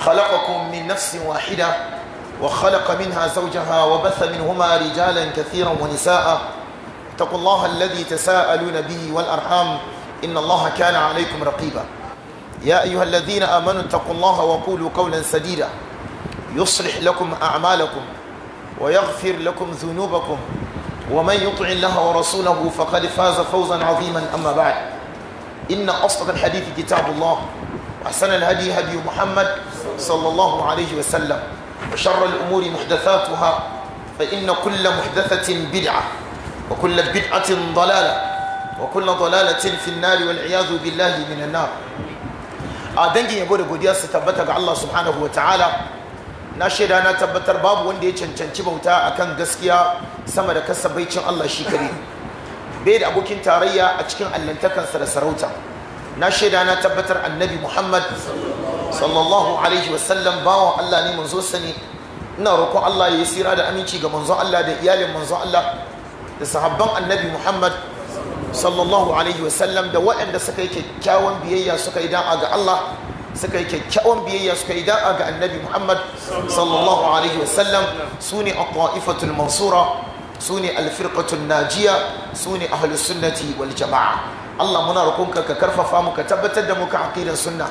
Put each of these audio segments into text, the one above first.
خلقكم من نفس واحدة وخلق منها زوجها وبث منهما رجالا كثيرا ونساء اتقوا الله الذي تساءلون به والأرحام إن الله كان عليكم رقيبا يا أيها الذين آمنوا اتقوا الله وقولوا قولا سديدا يصلح لكم أعمالكم ويغفر لكم ذنوبكم ومن يطع الله ورسوله فقد فاز فوزا عظيما أما بعد إن أصدق الحديث كتاب الله وأحسن الهدي هدي محمد صلى الله عليه وسلم وشر الأمور محدثاتها فإن كل محدثة بدعة وكل بدعة ضلالة وكل ضلالة في النار والعياذ بالله من النار أدنجي يقول قديا ستبتك الله سبحانه وتعالى na shaida na tabbatar babu wanda ya cancanci bauta akan gaskiya sama da kasabaicin Allah shi kare bai da abokin tarayya a cikin allantakansa da sarauta na shaida tabbatar annabi Muhammad sallallahu alaihi wasallam bawan Allah ne manzo sani ina roƙon Allah ya yi sira da aminci ga manzo Allah da iyalin manzo Allah da sahabban annabi Muhammad sallallahu alaihi wasallam da waɗanda suka yi kyakkyawan biyayya suka yi da'a ga Allah suka yi kyakkyawan biyayya suka yi da'a ga annabi Muhammad sallallahu alaihi wasallam su ne aqwaifatul mansura su ne alfirqatul najiya su ne ahlus sunnati wal jama'a Allah muna roƙonka ka karfafa mu ka tabbatar da mu ka aqidar sunna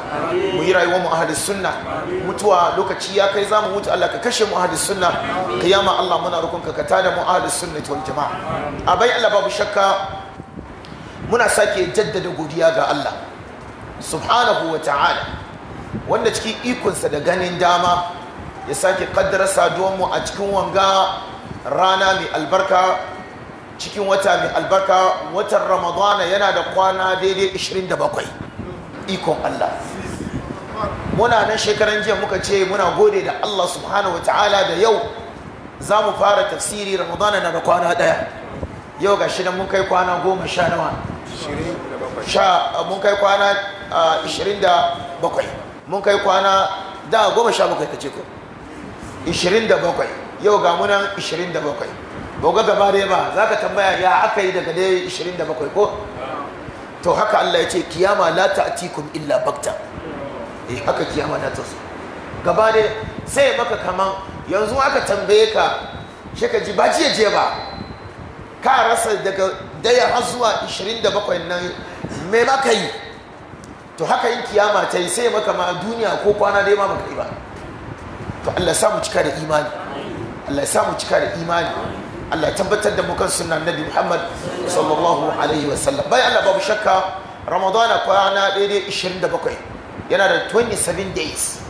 mu yi rayuwar mu ahadis sunna mutuwa lokaci ya kai zamu mutu Allah ka kashe mu ahadis sunna kiyama Allah muna roƙonka ka tada mu ahadis sunna wal jama'a abai Allah babu shakka muna sake jaddada godiya ga Allah subhanahu wa ta'ala wanda cikin ikonsa da ganin dama ya sake kaddara saduwar mu a cikin wanga rana mai albarka cikin wata mai albarka watan ramadana yana da kwana daidai 27 ikon Allah muna nan shekaran jiya muka ce muna gode da Allah subhanahu wa ta'ala da yau za mu fara tafsiri ramadana na da kwana daya yau ga shidan mun kai kwana goma sha nawa mun kai kwana 27 mun kai kwana da goma sha bakwai ka ce ko 27 yau ga munan 27 boga gaba dai ba za ka tambaya ya aka yi daga dai 27 ko to haka Allah ya ce kiyama la ta'tikum illa bakta eh haka kiyama da ta so gaba dai sai maka kaman yanzu aka tambaye ka shi ka ji ba jiya je ba ka rasa daga daya har zuwa 27 nan me ma ka yi to haka yin kiyama ta yi sai maka ma duniya ko kwana dai ma ka yi ba to Allah samu cika da imani Allah samu cika da imani Allah ya tabbatar da mu kan sunnan Nabi Muhammad sallallahu alaihi wa sallam bai Allah babu shakka Ramadan kwana daidai 27 yana da 27 days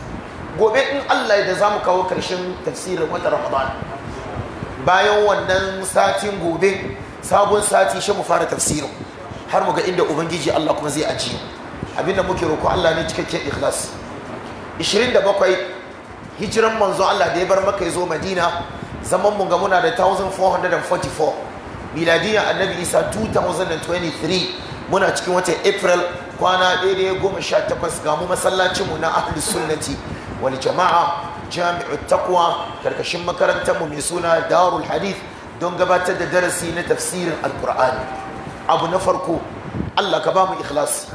gobe in Allah ya da zamu kawo karshen tafsirin watan Ramadan bayan wannan satin gobe sabon sati shi mu fara tafsirin har mu ga inda ubangiji Allah kuma zai aji abinda muke roko Allah ne cikakken ikhlas 27 hijiran manzo Allah da ya bar maka ya zo Madina zaman mu ga muna da 1444 miladiyan annabi isa 2023 muna cikin watan april kwana daidai goma sha takwas ga mu masallacinmu na ahli sunnati wani jama'a jami'u takwa karkashin makarantar mu mai suna darul hadith don gabatar da darasi na tafsirin alkur'ani abu na farko allah ka ba mu ikhlasi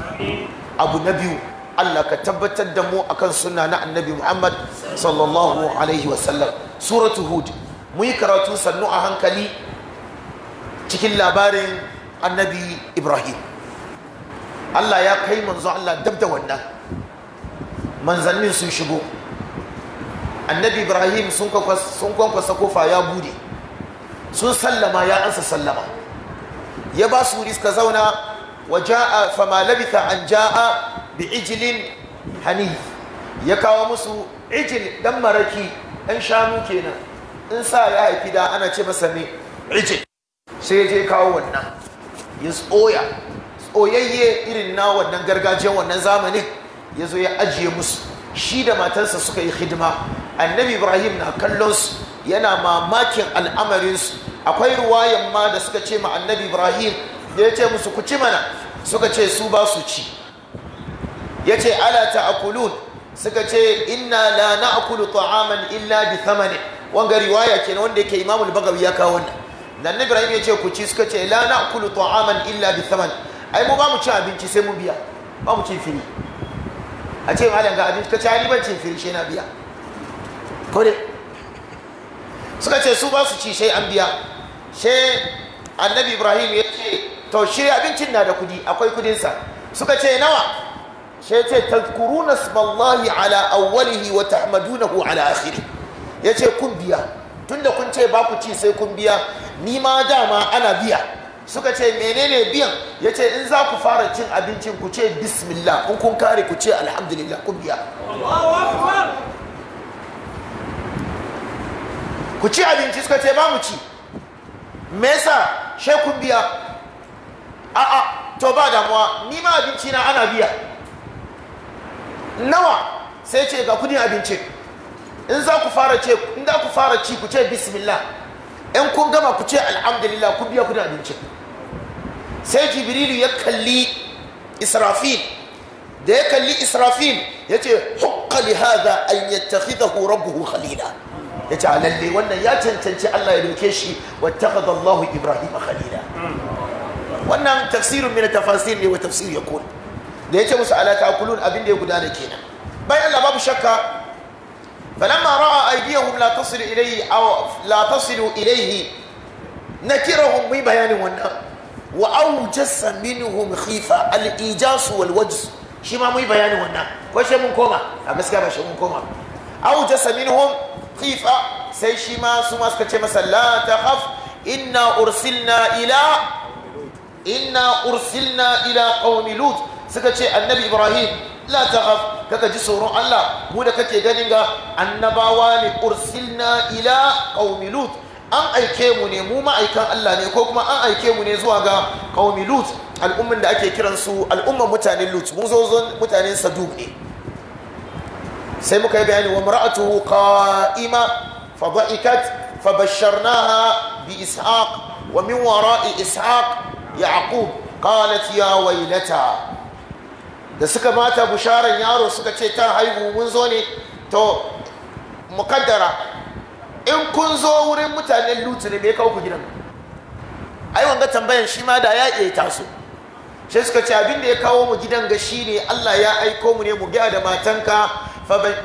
abu na biyu Allah ka tabbatar da mu akan sunna na annabi Muhammad sallallahu alaihi wasallam suratu hud mu yi karatu sannu a hankali cikin labarin annabi ibrahim allah ya kai manzo allah dab da wannan manzannin sun shigo annabi ibrahim sun kwankwasa kofa ya bude sun sallama ya ansa sallama ya ba su riska zauna wa ja'a fama labitha an ja'a bi ijilin hani. ya kawo musu ijil dan maraki dan shanu kenan in sa ya haifi da ana ce masa me rice sai ya je kawo wannan ya tsoya tsoyayye irin na wannan gargajiyar wannan zamanin ya zo ya ajiye musu shi da matarsa suka yi hidima annabi ibrahim na kallon su yana mamakin al'amarinsu akwai ruwayan ma da suka ce ma annabi ibrahim da ya ce musu ku ci mana suka ce su ba su ci ya ce ala akulun suka ce inna la akulu ta'aman illa bi thamanin wanga riwaya kenan wanda yake Imam al-Bagawi ya kawo wannan dan Ibrahim ya ce ku ci suka ce la na'kulu ta'aman illa bi thaman ai mu ba mu ci abinci sai mu biya ba mu ci firi a ce malam ga abinci ka ci ni ban ci firi shi na biya ko ne? suka ce su ba su ci sai an biya sai annabi Ibrahim ya ce to shi abincin na da kudi akwai kudinsa suka ce nawa sai ce tazkuruna smallahi ala awwalihi wa tahmadunahu ala akhirih ya ce kun biya tunda kun ce ba ku ci sai kun biya ni ma dama ana biya suka ce menene biyan ya ce in za ku fara cin abincin ku ce bismillah in kun kare ku ce alhamdulillah kun biya ku ci abinci suka ce ba mu ci me yasa sai kun biya a'a to ba damuwa ni ma abinci na ana biya nawa sai ce ga kudin abincin in za ku fara ce in za ku fara ci ku ce bismillah in kun gama ku ce alhamdulillah ku biya kudin abincin sai jibrilu ya kalli israfil da ya kalli israfil ya ce hukka li hadha an yattakhidahu rabbuhu khalila ya ce lalle wannan ya cancanci Allah ya dauke shi wattakhadha Allahu Ibrahim khalila wannan tafsirun min tafasir ne wa tafsir yakun da yace musu ala ta'kulun abin da ya gudana kenan bayan Allah babu shakka فلما رأى أيديهم لا تصل إليه أو لا تصل إليه نكرهم ببيان والنار وأوجس منهم خيفة الإيجاس والوجس شما مي بيان والنار وش من كوما أمس كما شو من كوما أوجس منهم خيفة سي شما سما سكتش لا تخف إنا أرسلنا إلى إنا أرسلنا إلى قوم لوط suka ce annabi ibrahim la takhaf kaka ji tsoron Allah mu da kake ganin ga annabawa ne na ila qaumi lut an aike mu ne mu ma'aikan Allah ne ko kuma an aike mu ne zuwa ga qaumi lut al'umman da ake kiran su al'umman mutanen lut mu zo zon mutanen saduk ne sai muka yi bayani wa mar'atuhu qa'ima fa dha'ikat fa basharnaha bi ishaq wa min wara'i ishaq yaqub qalat ya waylata da suka mata bisharar yaro suka ce ta haihu mun zo ne to mukaddara in kun zo wurin mutanen lutu ne bai kawo ku gidan ai wanga tambayan shi ma da ya iya taso sai suka ce abin da ya kawo mu gidan ga shi ne Allah ya aiko mu ne mu gaya da matanka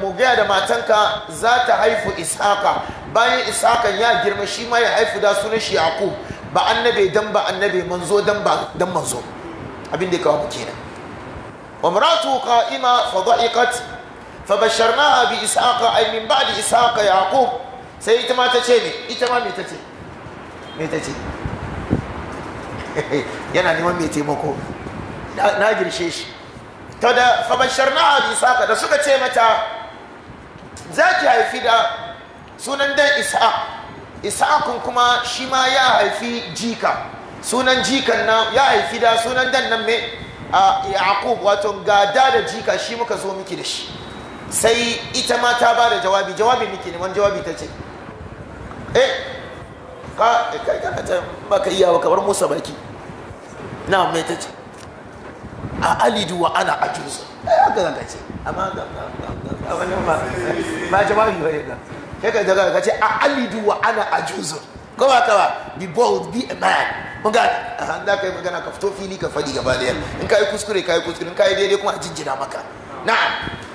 mu gaya da matanka za ta haifu ishaka bayan ishakan ya girma shi ma ya haifu da sunan shi yaqub ba annabe dan ba annabe manzo dan ba dan manzo abin da ya kawo mu kenan وامراته قائمة فضحكت فبشرناها بإسحاق أي من بعد إسحاق يعقوب سيتما تشيني إتما ميتتي ميتتي yana neman mai taimako na girshe shi ta da fabashar da suka ce mata za ki haifi da sunan dan isa isa'akun kuma shi ma ya haifi jika sunan jikan na ya haifi da sunan dan nan mai a yaqub wato gada da jika shi muka zo miki da shi sai ita ma ta ba da jawabi jawabi miki ne wani jawabi ta ce eh ka eh, kai kana ta baka iya ba kamar musa baki na mai ta ce a alidu wa ana ajuzu eh haka zan ce amma ga ga ga ba jawabi ba ne ga kai ka ce a alidu wa ana ajuzu ko ba ka ba be bold be a man mun a yi magana ka fito fili ka faɗi gaba daya in ka yi kuskure ka yi kuskure in ka yi daidai kuma a jinjina maka na'am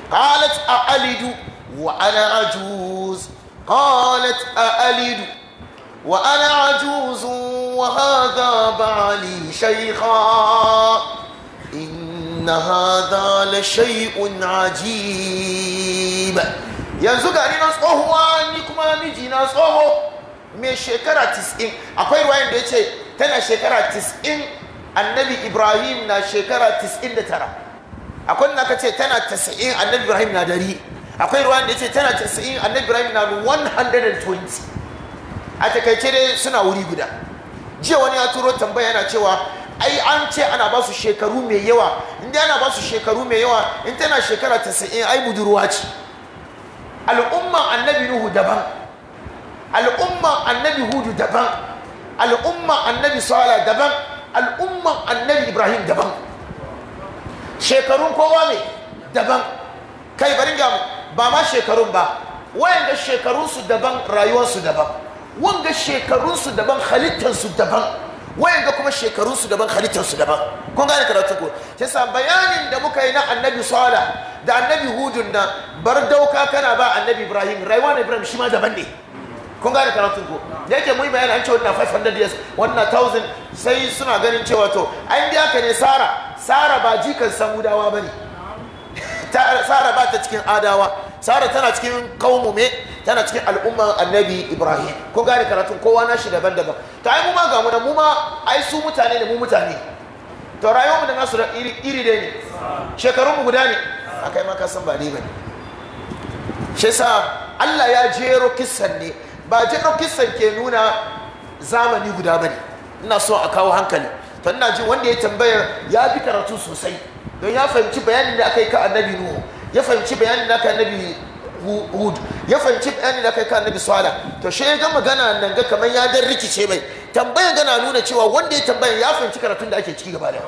qalat a'alidu wa ana ajuz qalat a'alidu wa ana ajuz wa hadha ba'li shaykha إن yanzu لشيء na tsohuwa ni kuma كما مجينا tsoho. mai shekara 90 akwai ruwayan da ya ce tana shekara 90 annabi ibrahim na shekara 99 akwai na ka ce tana 90 annabi ibrahim na dari akwai ruwayan da ya ce tana 90 annabi ibrahim na 120 a takaice dai suna wuri guda jiya wani ya turo tambaya yana cewa ai an ce ana ba su shekaru mai yawa inda ana ba su shekaru mai yawa in tana shekara 90 ai budurwa ce al'umman annabi nuhu daban al'umman annabi hudu daban al'umman annabi sala daban al'umman annabi ibrahim daban shekarun kowa ne daban kai bari ga ba ma shekarun ba shekarun su daban rayuwar su daban wanga su daban halittar su daban wayanga kuma shekarun su daban halittar su daban kun gane karatu ko sai sa bayanin da muka yi na annabi sala da annabi hudun nan bar dauka kana ba annabi ibrahim rayuwar ibrahim shi ma daban ne kun gane karatun ko da yake mu bayani an ce wannan 500 years wannan 1000 sai suna ganin cewa to an biya ka ne sara sara ba jikan samudawa bane sara ba ta cikin adawa sara tana cikin kaumu me tana cikin al'umma annabi ibrahim kun gane karatun kowa na shi daban-daban to ai mu ma ga mu da mu ma ai su mutane ne mu mutane to rayuwar mu da nasu da iri iri dai ne shekarun mu guda ne akai ma ka san ba ne bane shi sa Allah ya jero kissan ne ba jiɗo kisan ke nuna zamani guda bane ina so a kawo hankali to ina ji wanda ya tambayar ya bi karatu sosai don ya fahimci bayanin da aka yi ka annabi nuhu ya fahimci bayanin da aka yi annabi hud ya fahimci bayanin da aka yi ka annabi swala to shi ya ga magana nan ga kamar ya dan rikice mai tambayar gana nuna cewa wanda ya tambayar ya fahimci karatun da ake ciki gaba da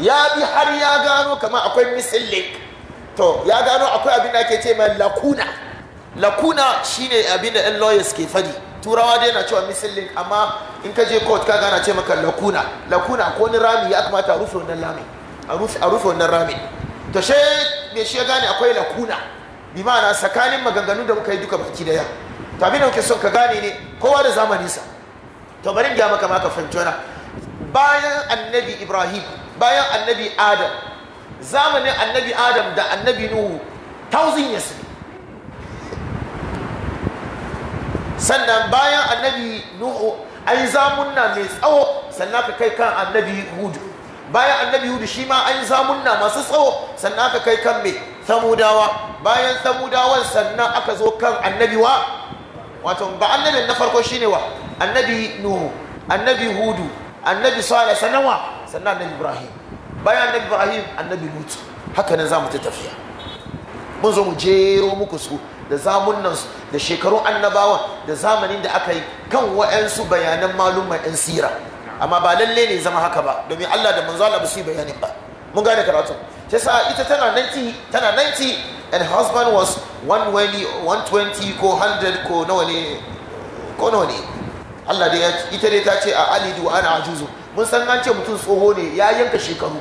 ya bi har ya gano kamar akwai missing to ya gano akwai abin da ake ce mai lakuna lakuna shine abin da 'yan lawyers ke fadi turawa dai na cewa misalin amma in ka je court ka gana ce maka lakuna lakuna ko ni rami ya kamata a rufe wannan rami a rufe wannan rami to she me shi ya gane akwai lakuna bi ma'ana tsakanin maganganu da muka yi duka baki daya to abin da muke son ka gane ne kowa da sa to bari ga maka maka fahimci bayan annabi ibrahim bayan annabi adam zamanin annabi adam da annabi nuhu thousand years sannan bayan annabi nuhu an yi zamunna mai tsawo sannan ka kai kan annabi hudu bayan annabi hudu shi ma an yi zamunna masu tsawo sannan ka kai kan mai samudawa bayan samudawan sannan aka zo kan annabi wa wato ba annabin na farko shine wa annabi nuhu annabi hudu annabi salih sannan wa sannan annabi ibrahim bayan annabi ibrahim annabi Lutu, haka nan za mu ta tafiya mun zo mu jero muku su da zamunansu da shekarun annabawa da zamanin da aka yi kan wa'ansu bayanan malumma 'yan sira amma ba lalle ne zama haka ba domin Allah da manzo Allah ba su bayanin ba mun gane karatu sai sa ita tana 90 tana 90 and husband was 120 120 ko 100 ko nawa ne ko nawa ne Allah da ita dai ta ce a alidu ana ajuzu mun san an ce mutum tsoho ne ya yanka shekaru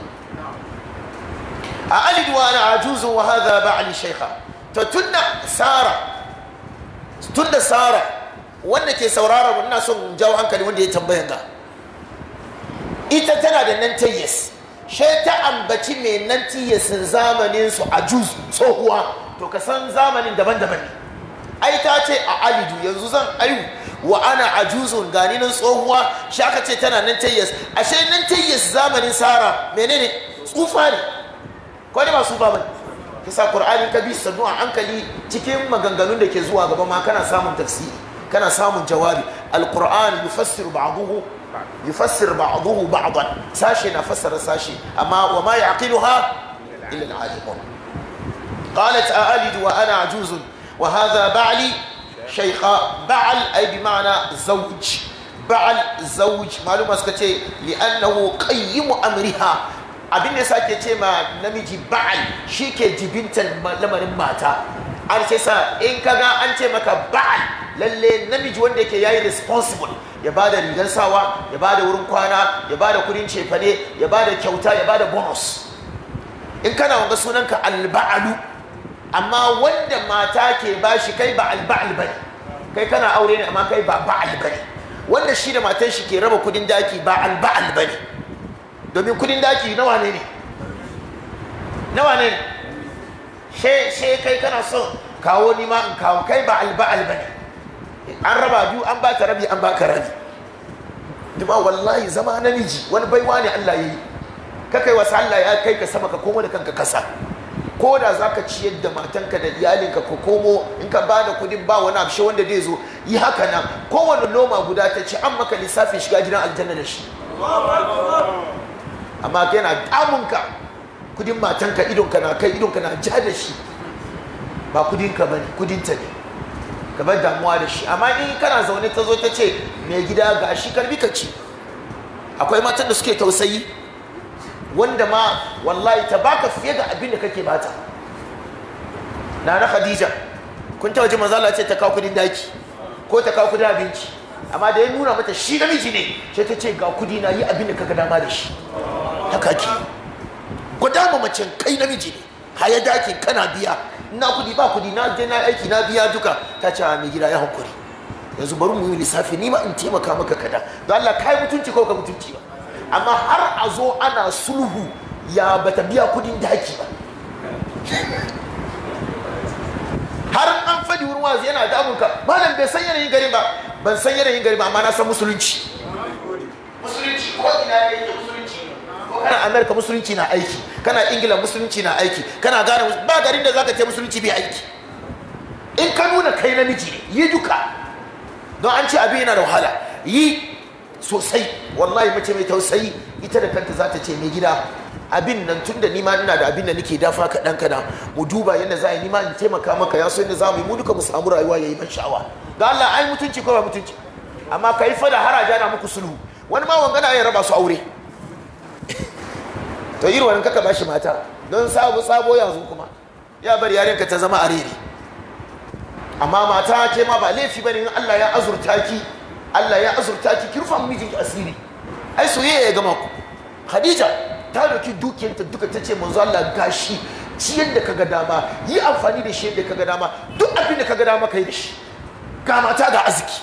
a alidu ana ajuzu wa hadha ba'li shaykha to tunda sara tunda sara wanda ke saurara ina son jawo hankali wanda ya tambayan ga ita tana da nan tayyas she ta ambaci mai nan tayyasin zamanin su a juz tsohuwa to ka san zamanin daban-daban ne ai ta ce a alidu yanzu zan ayu wa ana ajuzun gani nan tsohuwa shi aka ce tana nan tayyas ashe nan tayyas zamanin sara menene tsufa ne ko ne ba tsufa ne? sa qur'ani ka bi sannu a hankali cikin maganganun da ke zuwa gaba ma kana samun tafsiri kana samun jawabi alquran yufassiru ba'dahu yufassir ba'dahu ba'dan sashe na fassara sashe amma wa ma yaqiluha illa al qalat a'alid wa ana ajuzun wa hadha ba'li shaykha ba'al ay bi ma'na zawj ba'al zawj maluma suka ce annahu qayyimu amriha abin da sake ce ma namiji ba'al shi ke jibintan lamarin mata an ce sa in kaga an ce maka ba'al lalle namiji wanda yake yayi responsible ya ba da rigar sawa ya ba da wurin kwana ya ba da kudin cefane ya ba da kyauta ya ba da bonus in kana wanga sunanka alba'alu amma wanda mata ke ba shi kai ba alba'al bane kai kana aure ne amma kai ba ba'al bane wanda shi da matan shi ke raba kudin daki ba alba'al bane domin kudin daki nawa ne ne nawa ne she kai kana son kawo ni ma in kawo kai ba alba alba ne an raba biyu an baka rabi an baka rabi dima wallahi zama na niji wani baiwa ne Allah yi Ka kai wasu Allah ya kai ka sama ka komo da kanka kasa ko da za ka ciyar da matanka da iyalinka ko komo in ka ba da kudin ba wani abshe wanda zai zo yi haka nan kowane noma guda ta ci an maka lissafin shiga gidan aljanna da shi amma yana na damunka kudin matanka idonka na kai idonka na ja da shi ba kudinka ba ne kudinta ne gaba damuwa da shi amma in kana zaune ta zo ta ce mai gida ga shi karbi ka ci akwai matan da suke tausayi wanda ma wallahi ta baka fiye da abin da kake bata na na khadija kun ta waje manzo ce ta kawo kudin daki ko ta kawo kudin abinci amma da ya nuna mata shi namiji ne sai ta ce ga kudi na yi abin da kaga dama da shi haka ke gwada ma mace kai namiji ne haya dakin kana biya na kudi ba kudi na je na aiki na biya duka ta ce mai gida ya hankuri yanzu bari mu yi lissafi ni ma in taimaka maka kada don Allah kai mutunci ko ka mutunci ba amma har a zo ana sulhu ya bata biya kudin daki ba har an fadi wurin wazi yana damun ka malam bai san yanayin garin ba ban san yanayin garin ba amma na san musulunci musulunci ko ina yake musulunci ko kana amerika musulunci na aiki kana ingila musulunci na aiki kana gane ba garin da zaka ce musulunci bai aiki in ka nuna kai namiji yi duka don an ce abin yana da wahala yi sosai wallahi mace mai tausayi ita da kanta za ta ce mai gida abin nan tun da nima ina da abin da nake dafa kaɗan kana mu duba yadda za a yi nima in taimaka maka ya so yadda za mu yi mu duka mu samu rayuwa ya yi ban sha'awa ga Allah ai mutunci ko ba mutunci amma ka yi da haraja na muku sulhu wani ma wangana ya raba su aure to irin wannan kaka bashi mata don sabo sabo yanzu kuma ya bari yarinka ta zama arere amma mata ce ma ba laifi bane in Allah ya azurta ki Allah ya azurta ki kirfa mijinki asiri ai soyayya ya gama ku Khadija ta doki dukiyarta duka ta ce manzo Allah gashi ciyar da kaga dama yi amfani da shi yadda kaga dama duk abin da kaga dama kai da shi ga mata ga arziki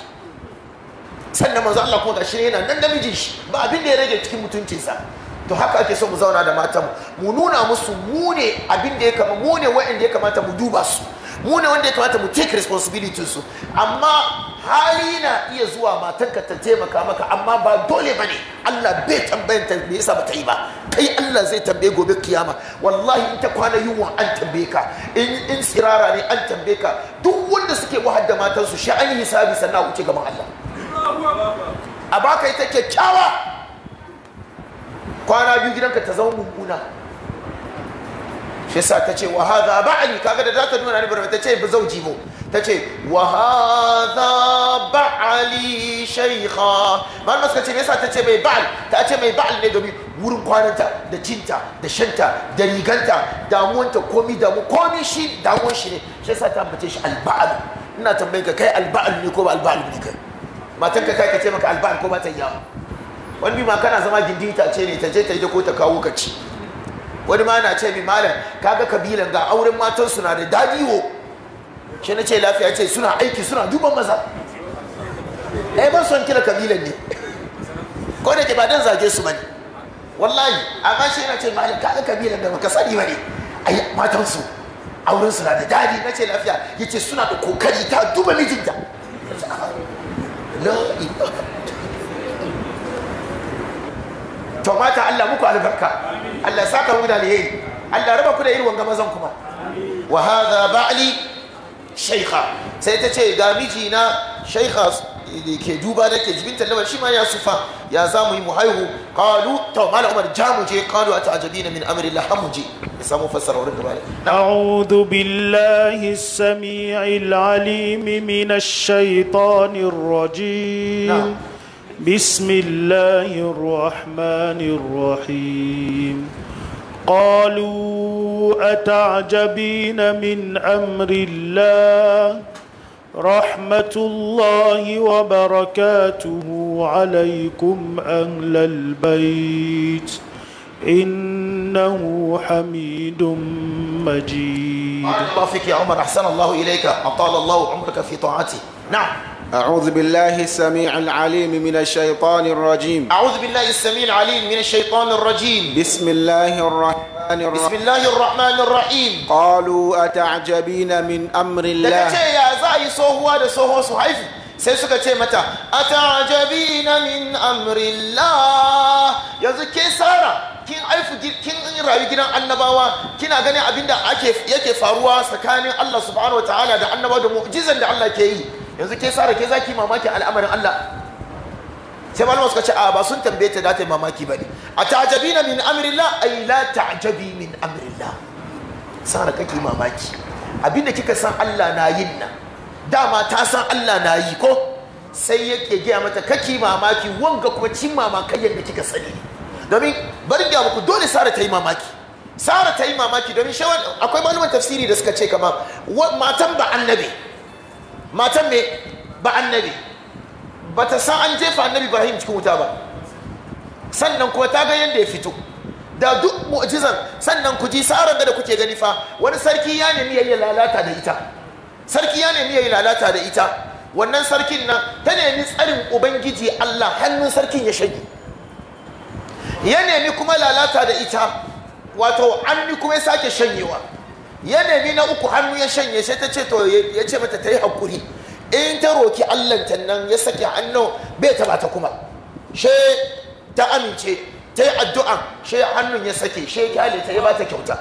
sannan manzo Allah kuma gashi yana nan namijin shi ba abin da ya rage cikin mutuncinsa to haka ake so mu zauna da matan mu mu nuna musu mu ne abin da ya kama mu ne wa'anda ya kamata mu duba su mu ne wanda ya kamata mu take responsibility su amma hali na iya zuwa matanka ta taimaka maka amma ba dole ba ne Allah bai tambayan ta me yasa bata yi ba kai Allah zai tambaye gobe kiyama wallahi in ta kwana yunwa an tambaye ka in sirara ne an tambaye ka duk wanda suke wahar da matansu shi an yi hisabi sannan wuce gaban Allah a baka ita kyakkyawa kwana biyu gidanka ta zama mummuna shi ta ce wa ba'ali kaga da zata nuna ni barbe ta ce bi zauji mu ta ce wa ba'ali ba'li shaykha malama suka ce me yasa ta ce mai ba'al ta ce mai ba'al ne domin wurin kwananta da cinta da shanta da riganta damuwanta komi damu komi shi damuwan shi ne shi sa ta ambace shi alba'al ina tambayin ka kai alba'al ne ko ba alba'al ne kai matan ka kai ka ce maka alba'al ko ba ta yawa wani bi ma kana zama gindita ce ne ta je ta yi da ko ta kawo ka ci wani ma na ce bi malam kaga kabilan ga auren matan suna da dadiwo shi na ce lafiya ce suna aiki suna duban maza Ɗaya eh, ban son kira kabilan ne ko da ke ba dan zage su bane wallahi amma shi na ce malam kaga kabilan da baka sani bane ai matan su auren suna da dadi na ce lafiya yace suna da kokari ta duba mijinta la ilaha to mata Allah muku albarka Allah ya saka muku da alheri Allah raba ku da irin wanga mazan kuma wa hadha ba'li shaykha sai ta ce ga miji na shaykha ke duba nake jibin talaba shi ma ya sufa ya za mu yi muhaihu. haihu qalu to mala umar jamu je qalu ata'jabina min amri la hamji isa mu fassara wurin gaba a'udhu billahi as-sami'il alim min ash-shaytanir rajim بسم الله الرحمن الرحيم قالوا أتعجبين من أمر الله رحمة الله وبركاته عليكم أهل البيت إنه حميد مجيد الله فيك يا عمر أحسن الله إليك أطال الله عمرك في طاعته نعم أعوذ بالله السميع العليم من الشيطان الرجيم أعوذ بالله السميع العليم من الشيطان الرجيم بسم الله الرحمن الرحيم بسم الله الرحمن الرحيم قالوا أتعجبين من أمر الله يا زاي صهوا ده صهوا sai suka ce mata atajabi na min amrillah yanzu ke sara kin aifu kin rayu gidan annabawa kina ganin abinda ake yake faruwa tsakanin Allah subhanahu ta'ala da annabawa da mu'jizan da Allah ke yi yanzu ke sara ke zaki mamaki al'amarin Allah sai malama suka ce a ba sun tambaye ta da ta mamaki ba ne a ta'ajabi na min amrillah ay la ta'ajabi min amrillah sara kake mamaki abinda kika san Allah na yin nan dama ta san Allah na yi ko sai yake gaya mata kake mamaki wanga kuma cin mamakai yadda kika sani domin barin gaba ku dole sara ta yi mamaki sara ta yi mamaki domin shawar akwai malaman tafsiri da suka ce kama matan ba annabi matan me ba annabi ba ta san an jefa annabi ibrahim cikin wuta ba sannan kuma ta ga yadda ya fito da duk mu'jizan sannan ku ji tsarin da kuke gani fa wani sarki ya nemi yayi lalata da ita sarki ya nemi yayi lalata da ita wannan sarkin nan ta nemi tsarin ubangiji Allah hannun sarkin ya shage ya nemi kuma lalata da ita wato an ni kuma ya sake shanyewa ya nemi na uku hannu ya shanye sai ta ce to ya ce mata ta yi hakuri in ta roki Allah ta nan ya sake hannu bai taba ta kuma she ta amince ta yi addu'a she hannun ya sake she kyale ta ba bata kyauta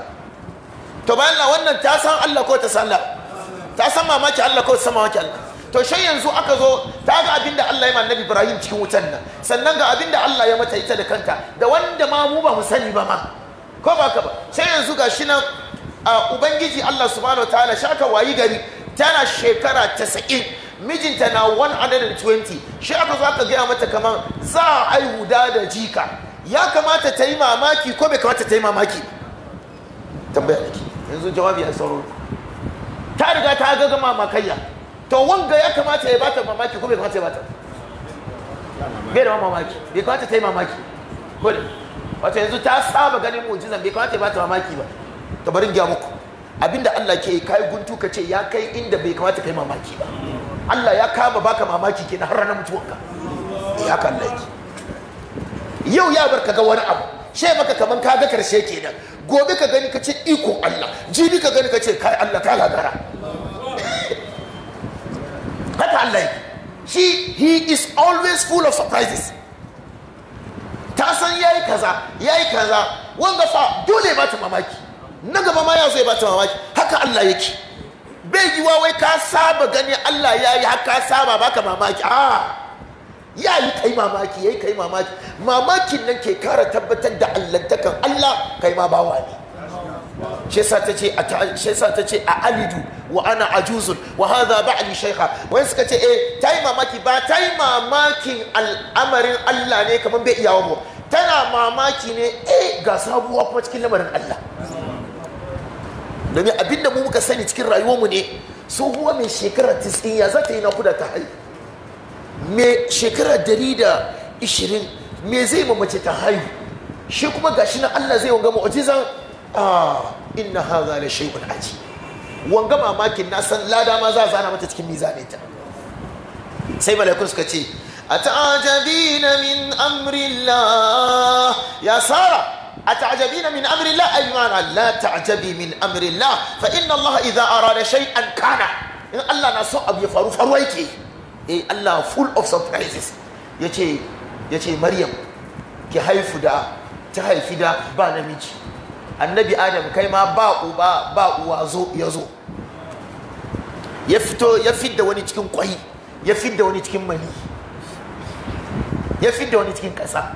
to bayan wannan ta san Allah ko ta san ta san mamaki Allah ko ta san mamaki Allah to shan yanzu aka zo ta ga abin da Allah ya ma Annabi Ibrahim cikin wutan nan sannan ga abin da Allah ya mata ita da kanta da wanda ma mu ba mu sani ba ma ko ba ka ba sai yanzu ga shi nan ubangiji Allah subhanahu ta'ala shaka wayi gari tana shekara 90 mijinta na 120 shi aka zo gaya mata kamar za a huda da jika ya kamata ta yi mamaki ko bai kamata ta yi mamaki tambaya nake yanzu jawabi a sauro ta riga ta ga gama makayya to wanga ya kamata ya bata mamaki ko bai kamata ya bata bai da mamaki bai kamata ta yi mamaki ko da wato yanzu ta saba ganin mu'jizan bai kamata ya bata mamaki ba to ya gya muku abinda Allah ke kai guntu ka ce ya kai inda bai kamata kai mamaki ba Allah ya kama baka mamaki kenan har ranar mutuwanka ya eh, haka ki yau ya bar ka ga wani abu she maka kaman ka ga karshe kenan gobe ka gani ka ce iko Allah jibi ka gani ka ce kai Allah ka lagara haka Allah yake shi he is always full of surprises ta san yayi kaza yayi kaza wanga fa dole ba ta mamaki na gaba ma ya zo ya bata mamaki haka Allah yake bai yiwa wai ka saba gani Allah ya yi haka saba baka mamaki a ya yi kai mamaki ya yi kai mamaki mamakin nan ke kara tabbatar da allantakan Allah kai ma bawa ne shi yasa ta ce a alidu wa ana ajuzun wa hadha ba'li shaykha wai suka ce eh ta yi mamaki ba ta yi mamakin al'amarin Allah ne kamar bai iyawa mu tana mamaki ne eh ga sabuwa kuma cikin lamarin Allah domin abin da mu muka sani cikin mu ne tsohuwa mai shekara 90 ya za ta yi nakuda ta haihu mai shekara 120 me zai ma mace ta haihu shi kuma gashi na Allah zai wanga mu'jizan ah inna hadha la shay'un aji wanga mamakin na san lada ma za zana mata cikin ta sai malakun suka ce ata'ajabina min amrillah ya sara أتعجبين من أمر الله أي معنى لا تعجبي من أمر الله فإن الله إذا أراد شيئا كان إن الله نصو أبي فارو فرويكي إيه الله full of surprises yace yace Maryam ki haifu ta haifi da ba namiji annabi Adam kai ma ba uwa zo ya zo ya fito ya fidda wani cikin kwai ya wani cikin ya wani cikin kasa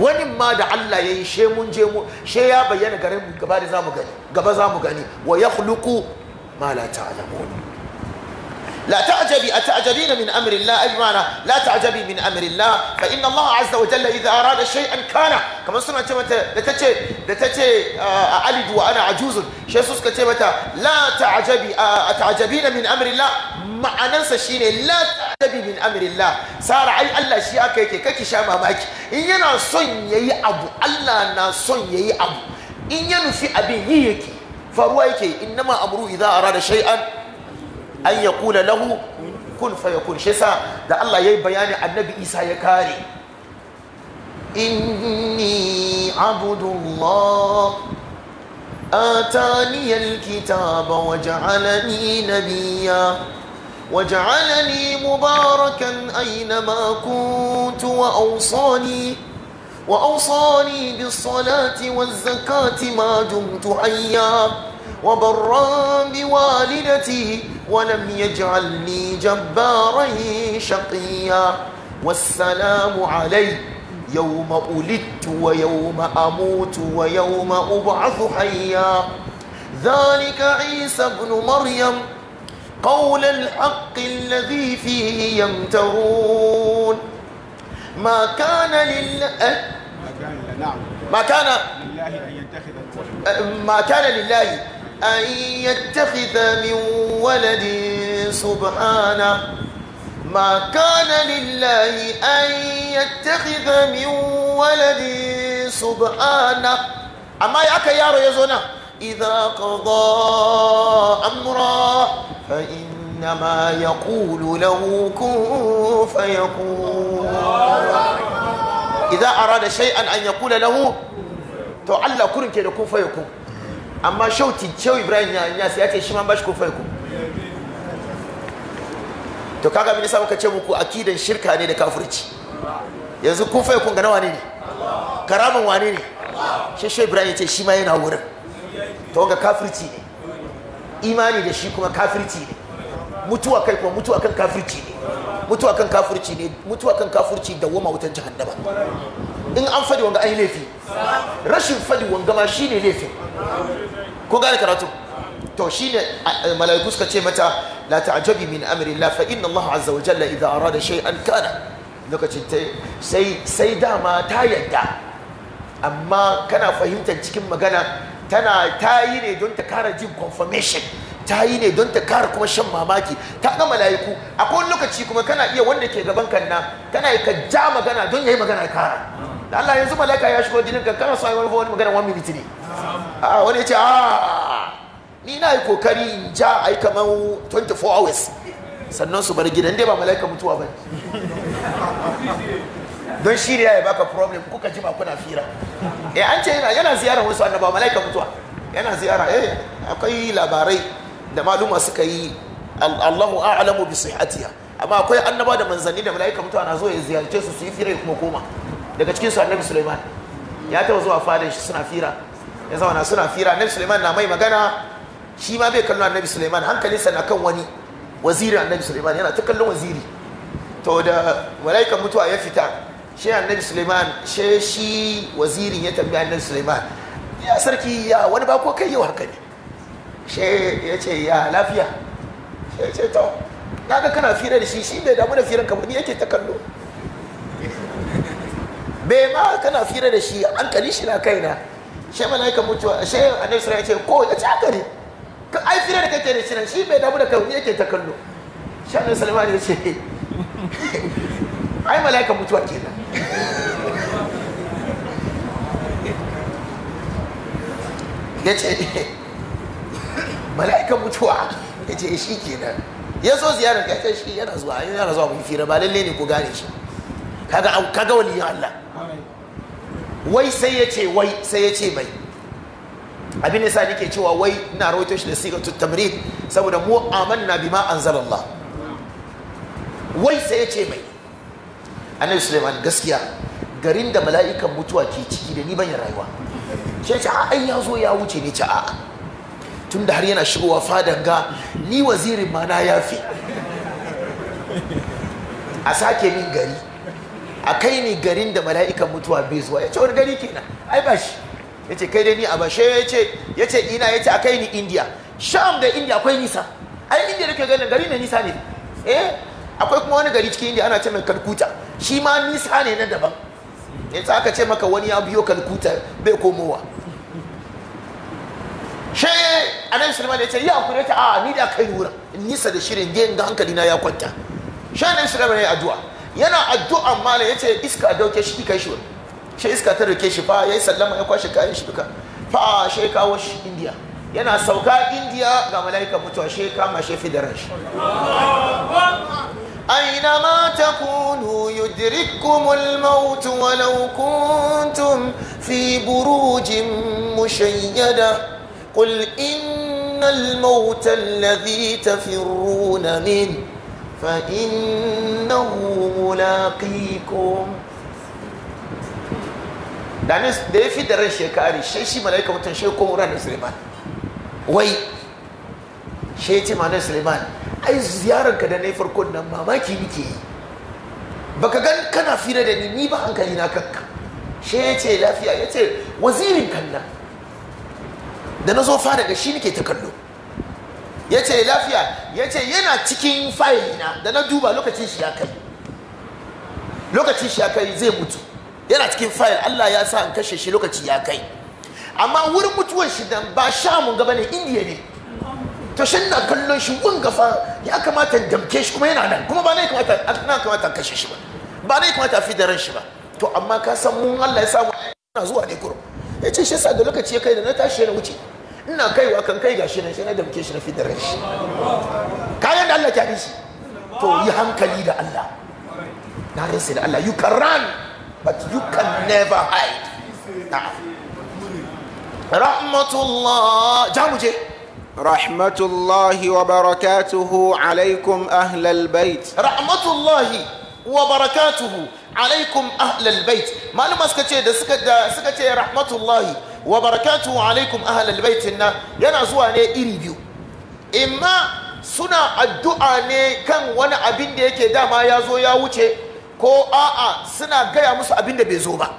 wani ma da Allah ya yi she mun je mu she ya bayyana garin mu gaba da zamu gani gaba zamu gani wa yakhluqu ma la ta'lamun la ta'jabi ata'jabina min amri Allah ay ma'ana la ta'jabi min amri Allah fa inna Allah azza wa jalla idha arada shay'an kana kamar suna ce mata da tace da a alidu wa ana ajuzun she suka ce mata la ta'jabi ata'jabina min amri Allah ma'anansa shine la tabi min amrillah sara ai Allah shi aka yake kake sha mamaki in yana son yayi abu Allah na son yayi abu in ya nufi abin yi yake faruwa yake innama amru idza arada shay'an an yaqula lahu kun ya shi sa da Allah ya yi bayani annabi Isa ya kare inni abudullah آتاني الكتاب وجعلني نبيا وجعلني مباركا أينما كنت وأوصاني وأوصاني بالصلاة والزكاة ما دمت حيا وبرا بوالدتي ولم يجعلني جبارا شقيا والسلام علي يوم ولدت ويوم أموت ويوم أبعث حيا ذلك عيسى ابن مريم قول الحق الذي فيه يمترون ما كان لله أه؟ ما كان نعم. أه، ما كان لله أن يتخذ من ولد سبحانه ما كان لله أن يتخذ من ولد سبحانه أما يأكل يا يزونه إذا قضى أمرا فإنما يقول له كن فيكون إذا أراد شيئا أن يقول له تعالى كن كده كن فيكون أما شوتي شو إبراهيم يا سيأتي شمان باش كن فيكون to kaga me yasa muka ce muku akidan shirka ne da kafirci yanzu kun fai kun ga nawa ne ne karamin wane ne shi shi Ibrahim ya ce shi ma yana wurin to wanga kafirci ne imani da shi kuma kafirci ne mutuwa kai kuma mutuwa kan kafirci ne mutuwa kan kafirci ne mutuwa kan kafirci da woma wutan jahannaba. in an fadi wanga an laifi rashin fadi wanga ma shine laifin ko gane karatu to shine malaiku suka ce mata la ta'jabi min amri la fa inna Allah azza wa jalla idza arada shay'an kana lokacin sai sai dama ta yadda amma kana fahimtar cikin magana tana ta yi ne don ta kara jin confirmation ta yi ne don ta kara kuma shan mamaki ta ga mala'iku akwai wani lokaci kuma kana iya wanda ke gaban kanna na kana ka ja magana don yayi magana ya kara da Allah yanzu mala'ika ya shigo jinin ka kana so wani wani magana wani minute ne a wani ce a ni na yi kokari in ja ai kamar 24 hours sannan su bar gidan dai ba mala'ika mutuwa bane don shirya ya baka problem kuka jima kuna fira eh an ce yana yana ziyara wasu annabawa malaika mutuwa yana ziyara eh akwai labarai da maluma suka yi Allahu a'lamu bi sihhatiha amma akwai annaba da manzanni da malaika mutuwa na zo ya ziyarce su su yi fira kuma koma daga cikin su annabi Sulaiman ya taba zuwa fadan shi suna fira ya zauna suna fira annabi Sulaiman na mai magana shi ma bai kallon annabi Sulaiman hankalinsa na kan wani wazirin annabi Sulaiman yana ta kallon waziri to da malaika mutuwa ya fita shi annabi suleiman shi shi wazirin ya tambaya annabi suleiman ya sarki ya wani bako kai yau haka ne shi ya ce ya lafiya shi ya ce to kaga kana fira da shi shi bai damu da firan kamar ni yake ta kallo bai ma kana fira da shi an kali shi na kaina shi malaika mutuwa shi annabi suleiman ya ce ko ya ci haka ne ka ai fira da kake da shi shi bai damu da kamar ni yake ta kallo shi annabi suleiman ya ce ai malaika mutuwa kenan ya ce mala'ikan mutuwa ya ce eh, shi nan ya so ziyarar ya ce shi yana zuwa yana zuwa mun fira ba lalle ne ku gane shi kaga kaga waliyin Allah wai sai ya ce wai sai ya ce mai abin yasa nake cewa wai ina rawaito shi da sigatu tamrid saboda mu amanna bima anzalallah wai sai ya ce mai annabi Suleiman gaskiya garin da mala'ikan mutuwa ke ciki da ni ban rayuwa shi ce ai ya zo ya wuce ne ce a'a tun da har yana shigowa fadan ga ni wazirin ma na yafi a sake min gari a kai ni garin da mala'ikan mutuwa bai zuwa ya ce wani gari kenan ai ba shi ya ce kai dai ni a bashe ya ce ya ce ina ya ce a kai ni indiya sham da indiya akwai nisa ai indiya da ke ganin gari ne nisa ne eh akwai kuma wani gari cikin indiya ana ce mai kalkuta shi ma nisa ne na daban yanzu aka ce maka wani ya biyo kalkuta bai komowa she anan shirma ya ce ya kure ta a ni da kai wurin nisa da shirin gen ga hankali na ya kwanta she anan shirma ne addu'a yana addu'a mala yace ce iska dauke shi kai shi she iska ta dauke shi fa yayi sallama ya kwashe kayan shi duka fa she kawo shi indiya yana sauka indiya ga malaika mutuwa she kama she fidaran shi أينما تكونوا يدرككم الموت ولو كنتم في بروج مشيدة قل إن الموت الذي تفرون منه فإنه ملاقيكم da da ya fi da ran shekari shi malaika mutum shi ko ranar wai shi ya ai ziyarar ka da na farko nan mamaki nike yi Ba ka gan kana fira da ni ni ba hankali na kakka shi ya ce lafiya ya ce wazirin kanna da na zo fara ga shi nike ta kallo ya ce lafiya ya ce yana cikin fayil da na duba lokacin shi ya kai lokacin shi ya kai zai mutu yana cikin fayil Allah ya sa an kashe shi lokaci ya kai amma wurin mutuwar shi dan ba mun gaba ne indiya ne to shan na kallon shi wanga fa ya kamata damke shi kuma yana nan kuma ba ne kamata na kamata kashe shi ba ba ne kamata fi da ran shi ba to amma ka san mun Allah ya samu ina zuwa ne kurum ya ce shi sa da lokaci ya kai da na tashi na wuce ina kaiwa kan kai gashi nan shi na damke shi na fi da ran shi kayan da Allah ya bi shi to yi hankali da Allah na rinsa da Allah you can run but you can never hide na'am rahmatullah jamuje رحمة الله وبركاته عليكم أهل البيت رحمة الله وبركاته alaikum ahlal bait malama suka ce da suka ce rahmatullahi wa barakatuhu alaikum ahlal bait na yana zuwa ne iri biyu imma suna addu'a ne kan wani abin da yake dama ya zo ya wuce ko a'a suna gaya musu abin da bai zo ba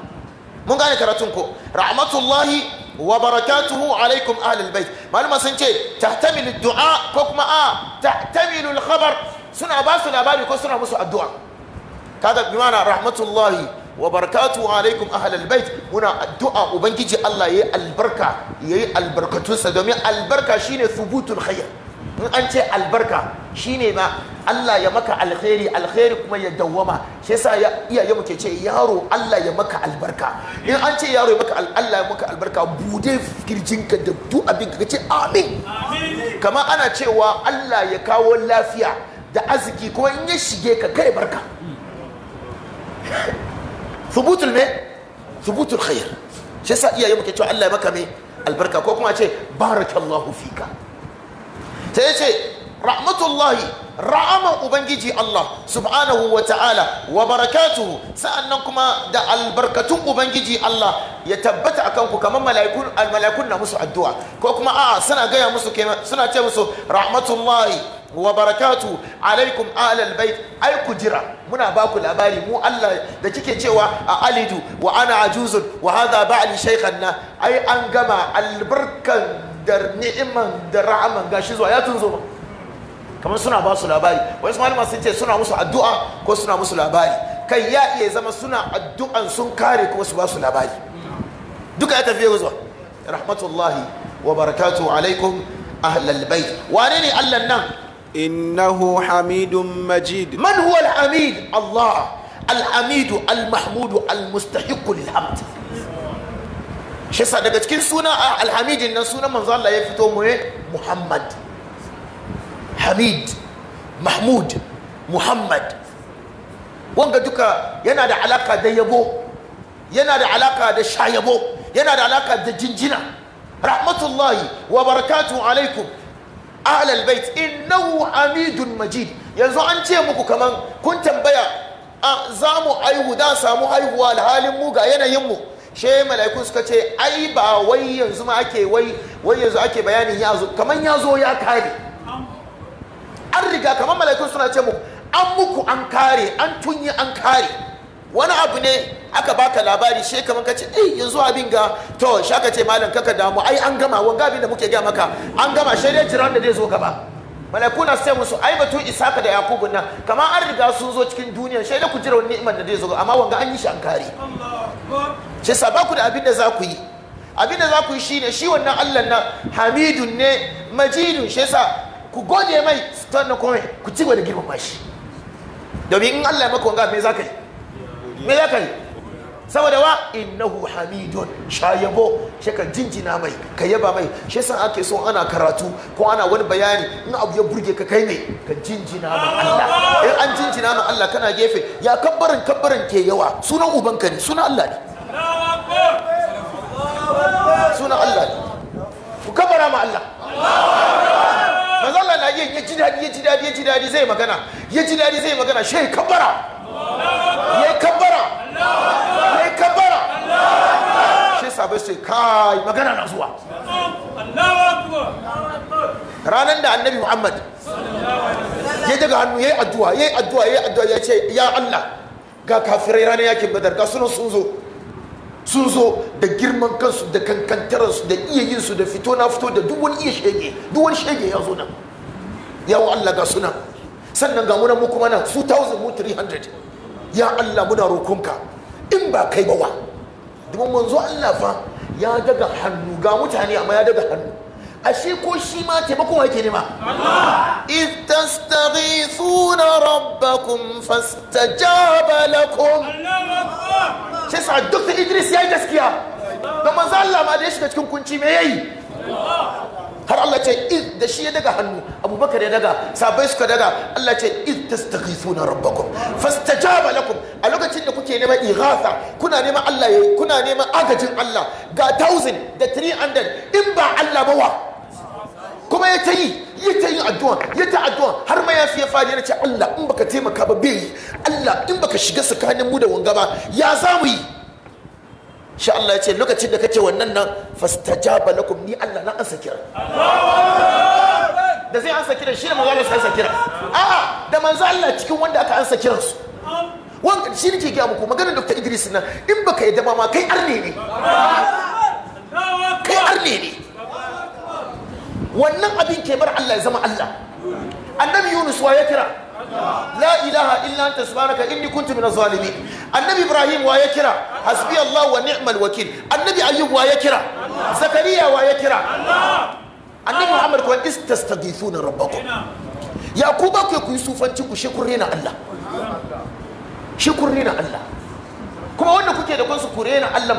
mun gane karatun ko rahmatullahi wa barakatuhu alaikum ahlul bait malama sun ce tahtamilu du'a ko kuma a tahtamilu al-khabar suna ba su labari ko suna musu addu'a kaga bi mana rahmatullahi wa barakatuhu alaikum ahlul bait muna addu'a ubangiji Allah yayi albarka yayi albarkatunsa domin albarka shine thubutul khair in an ce albarka shine ma Allah ya maka alkhairi alkhairi kuma ya dawwama shi yasa ya iyaye mu ce yaro Allah ya maka albarka in an ce yaro ya maka Allah ya maka albarka bude kirjinka da duk abin ka ce amin kamar ana cewa Allah ya kawo lafiya da arziki kuma in ya shige ka kai barka thubutul me thubutul khair shi yasa iyaye mu cewa Allah ya maka me albarka ko kuma ce barakallahu fika sai ce rahmatullahi ra'aman ubangiji Allah subhanahu wa ta'ala wa barakatuhu sa'annan kuma da albarkatun ubangiji Allah ya tabbata a ku kamar mala'ikun na musu addu'a ko kuma a'a suna gaya musu suna ce musu rahmatullahi wa barakatuhu alaikum alal bait ai ku jira muna ba ku labari mu Allah da kike cewa a alidu wa ana ajuzun wa hadha ba'li shaykhanna ai an gama albarkan da ni'iman da ra'aman gashi zuwa ya tunzo ba kamar suna ba su labari wasu malama sun ce suna musu addu'a ko suna musu labari kai ya iya zama suna addu'an sun kare kuma su ba su labari duka ya tafiye zuwa rahmatullahi wa barakatu alaikum ahlal bait wane ne Allah nan innahu hamidun majid man huwa al-hamid Allah al-hamidu al-mahmudu al-mustahiqu lil hamd shi sa daga cikin suna ah, alhamidin nan sunan manzo Allah ya fito mu Muhammad Hamid Mahmud Muhammad wanga duka yana da alaka da yabo yana da alaka da shayabo yana da alaka da jinjina rahmatullahi wa barakatuhu alaikum ahlal albayt innahu amidun majid yanzu an ce muku kaman kun tambaya ah, za mu aihu da samu aihuwa alhalin mu ga yanayin mu she mala'iku suka ce ai ba wai yanzu ma ake wai wai yanzu ake bayanin ya zo kaman ya zo ya kare an riga kaman mala'iku suna ce mu, an muku an kare an tunyi an kare wani abu ne aka baka labari she kaman kace eh yanzu abin ga to shaka ce malam kaka damu ai an gama wanga abin da muke ga maka an gama she dai jiran da zai zo gaba malaiku na sai musu ai batun isaka da yakubu nan kama an riga sun zo cikin duniya shi da ku jira wani ni'imar da zai zo amma wanga an yi shi an kare shi sa ba ku da abin da za ku yi abin da za ku yi shine shi wannan allah na hamidun ne majidun shi sa ku gode mai na kuma ku ci gaba da girmama shi domin in allah ya maka wanga me za ka yi me za ka yi saboda wa innahu hamidun shayabo shi ka jinjina mai ka yaba mai shi san ake so ana karatu ko ana wani bayani in abu ya burge ka kai ne ka jinjina mai Allah in an jinjina mai Allah kana gefe ya kabbarin kabbarin ke yawa sunan ubanka ne sunan Allah ne sunan Allah ne ku kabbara ma Allah manzo Allah na yin ya ji dadi ya ji dadi ya ji dadi zai magana ya ji dadi zai magana shi kabbara ya kabbara ya kabbara shi sabai sai kai magana na zuwa ranar da annabi muhammad ya daga hannu yayi addu'a ya addu'a ya addu'a ya ce ya allah ga kafirai ranar yakin badar ga sunan sun zo sun zo da girman kansu da kankantararsu da iya yinsu da fito na fito da duk wani iya shege duk wani shege ya zo nan yawon allah ga sunan sannan ga munan mu kuma nan 2000 mu 300 ya Allah muna rokonka in ba kai ba wa domin manzo Allah fa ya daga hannu ga mutane amma ya daga hannu ashe ko shi ma taimako yake nema iz tastaghithuna rabbakum fastajaba lakum sai sa duk Idris ya yi gaskiya da manzo Allah ma da ya shiga cikin kunci me yayi har Allah ce iz da shi ya daga hannu abubakar ya daga sabai suka daga Allah ce iz tastaghifuna rabbakum fastajaba lakum a lokacin da kuke neman ighatha kuna neman Allah yayi kuna neman agajin Allah ga 1000 da 300 in ba Allah ba wa kuma ya ta yi ya ta yi addu'a ya ta addu'a har ma ya fi ya fadi na ce Allah in baka taimaka ba bai yi Allah in baka shiga tsakanin mu da wanga ba ya za mu yi sha Allah ya ce lokacin da kace wannan nan fastajaba lakum ni Allah na ansa kira da zai ansa kira shi ne manzo Allah sai ansa kira a'a da manzo Allah cikin wanda aka ansa kira su wanda shi ne ke gaya muku maganar Dr. Idris nan in baka yadda ma kai arne ne kai arne ne wannan abin ke bar Allah ya zama Allah annabi Yunus wa ya kira la ilaha illa anta subhanaka inni kuntu minaz zalimin annabi ibrahim wa ya kira hasbi allah wa ni'mal wakil annabi ayyub wa ya kira zakariya wa ya kira annabi muhammad kuwa istastaghithuna rabbakum ya ku ba ku yi sufanci ku shi kun allah shi kun allah kuma wanda kuke da kansu ku allah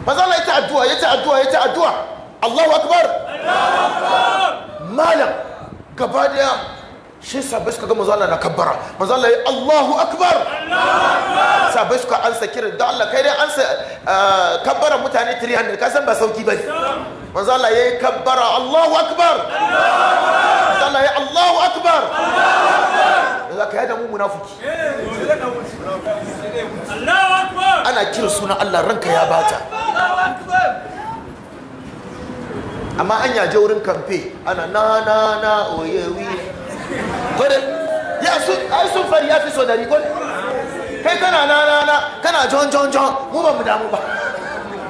ba ba ya addu'a addu'a addu'a allahu akbar malam gaba daya shi sabai suka ga manzo Allah na kabbara manzo Allah ya Allahu akbar sabai suka ansa kiran da Allah kai dai ansa eh, kabbara mutane 300 ka san ba sauki bane manzo Allah yayi kabbara Allahu akbar manzo Allah ya Allahu akbar za ka yada mu munafiki Allahu ana kiran suna Allah ranka ya bata Allahu akbar amma an yaje wurin kamfe ana na na na wi kone ya su ai sun fari ya fi so dari kone kai kana na na na kana jon jon jon mu ba mu damu ba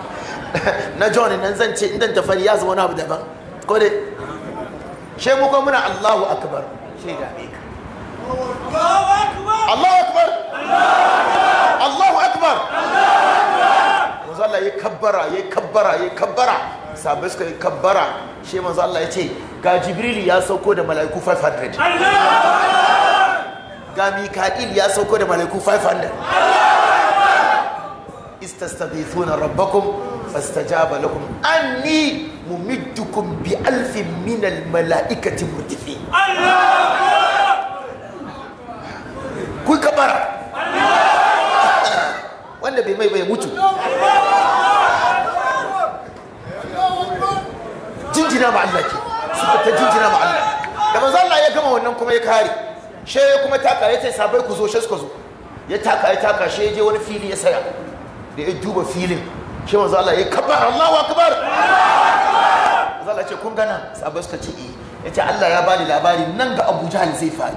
na jon nan zan ce idan ta fari ya zama wani abu daban kone she mu kuma muna allahu akbar akbar allahu akbar allahu akbar allahu akbar manzo Allah ya kabbara ya kabbara ya kabbara sabai suka yi kabbara shi manzo Allah ya ce ga Jibril ya sauko da mala'iku 500 ga Mika'il ya sauko da mala'iku 500 istastabithuna rabbakum fastajaba lakum anni mumiddukum bi alfin min al mala'ikati murdifi Allah ku kabara Allah wanda bai mai bai mutu jinjina ba Allah ke suka ta jinjina ba Allah da manzo Allah ya gama wannan kuma ya kare she kuma taka ya ce sabai ku zo she suka zo ya taka ya taka she ya je wani fili ya saya da ya duba filin she manzo Allah ya kabar Allahu akbar manzo Allah ce kun gana sabai suka ce eh ce Allah ya bani labari nan ga Abuja ne zai faɗi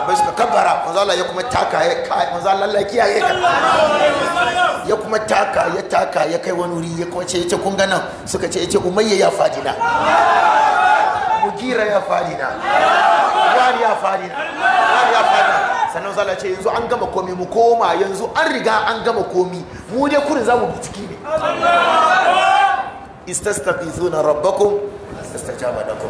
sahabbai suka kabara manzo Allah ya kuma taka ya kai manzo Allah Allah kiyaye ka ya kuma taka ya taka ya kai wani wuri ya kuma ce yace kun ganan suka ce yace umayya ya fadina mugira ya fadina wani ya fadina wani ya fadina sannan zala ce yanzu an gama komi mu koma yanzu an riga an gama komi mu dai kurin za mu bi ciki ne istastaqizuna rabbakum istajaba lakum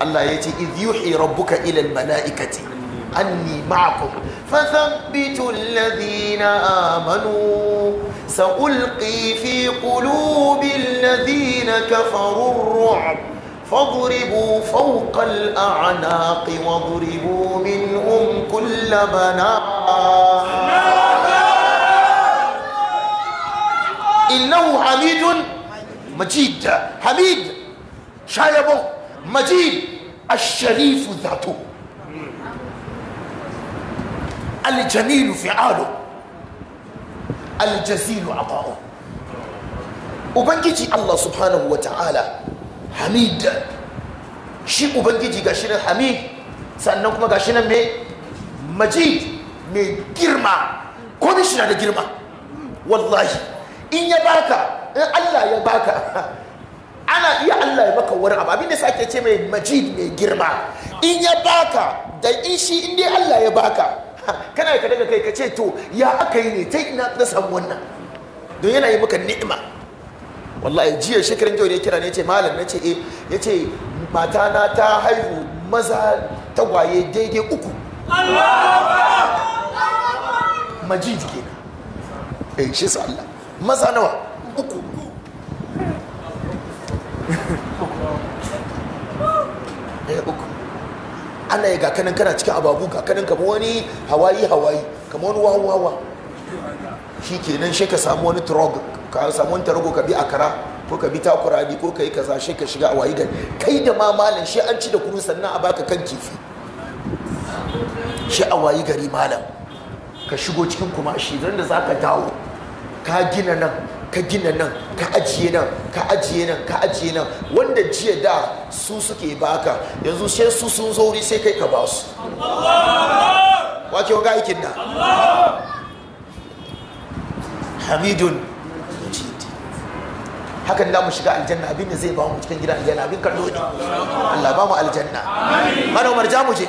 Allah ya ce idh yuhi rabbuka ila al-mala'ikati أني معكم فثبتوا الذين آمنوا سألقي في قلوب الذين كفروا الرعب فاضربوا فوق الأعناق واضربوا منهم كل بناء إنه حميد مجيد حميد شايبه مجيد الشريف ذاته aljamilu fi'alu aljazilu ata'u ubangiji Allah subhanahu wa ta'ala hamid shi ubangiji ga nan hamid sannan kuma ga nan mai majid mai girma ko shi na da girma wallahi in ya baka in Allah ya baka ana iya Allah ya maka wani abu abinda sake ce mai majid mai girma in ya baka da in shi in dai Allah ya baka kana ka daga kai ka ce to ya aka yi ne ta ina na samu wannan don yana yi maka ni'ima wallahi jiya shekarun jiya ne kira ne ce malam na ce eh ya ce mata na ta haihu maza tagwaye daidai uku majid ke eh shi sa Allah maza nawa uku ana yi gakanan kana cikin ababu gakanan kama wani hawaii hawaii kama wani wawawa. shi shi kenan shi ka samu wani turog ka samu wani tarago ka bi akara ko ka bi takurabi ko ka yi kaza shi ka shiga a wayi gari kai da ma malam shi an ci da kuru sannan a baka kan kifi shi a wayi gari malam ka shigo cikin kuma shi zan da za ka dawo ka gina nan ka gina nan ka ajiye nan ka ajiye nan ka ajiye nan wanda jiya da su suke baka yanzu sai su sun zo sai kai ka ba su wake wanga aikin nan hamidun hakan da mu shiga aljanna abin da zai ba mu cikin gidan aljanna abin kallo ne Allah ba mu aljanna mana umar mu je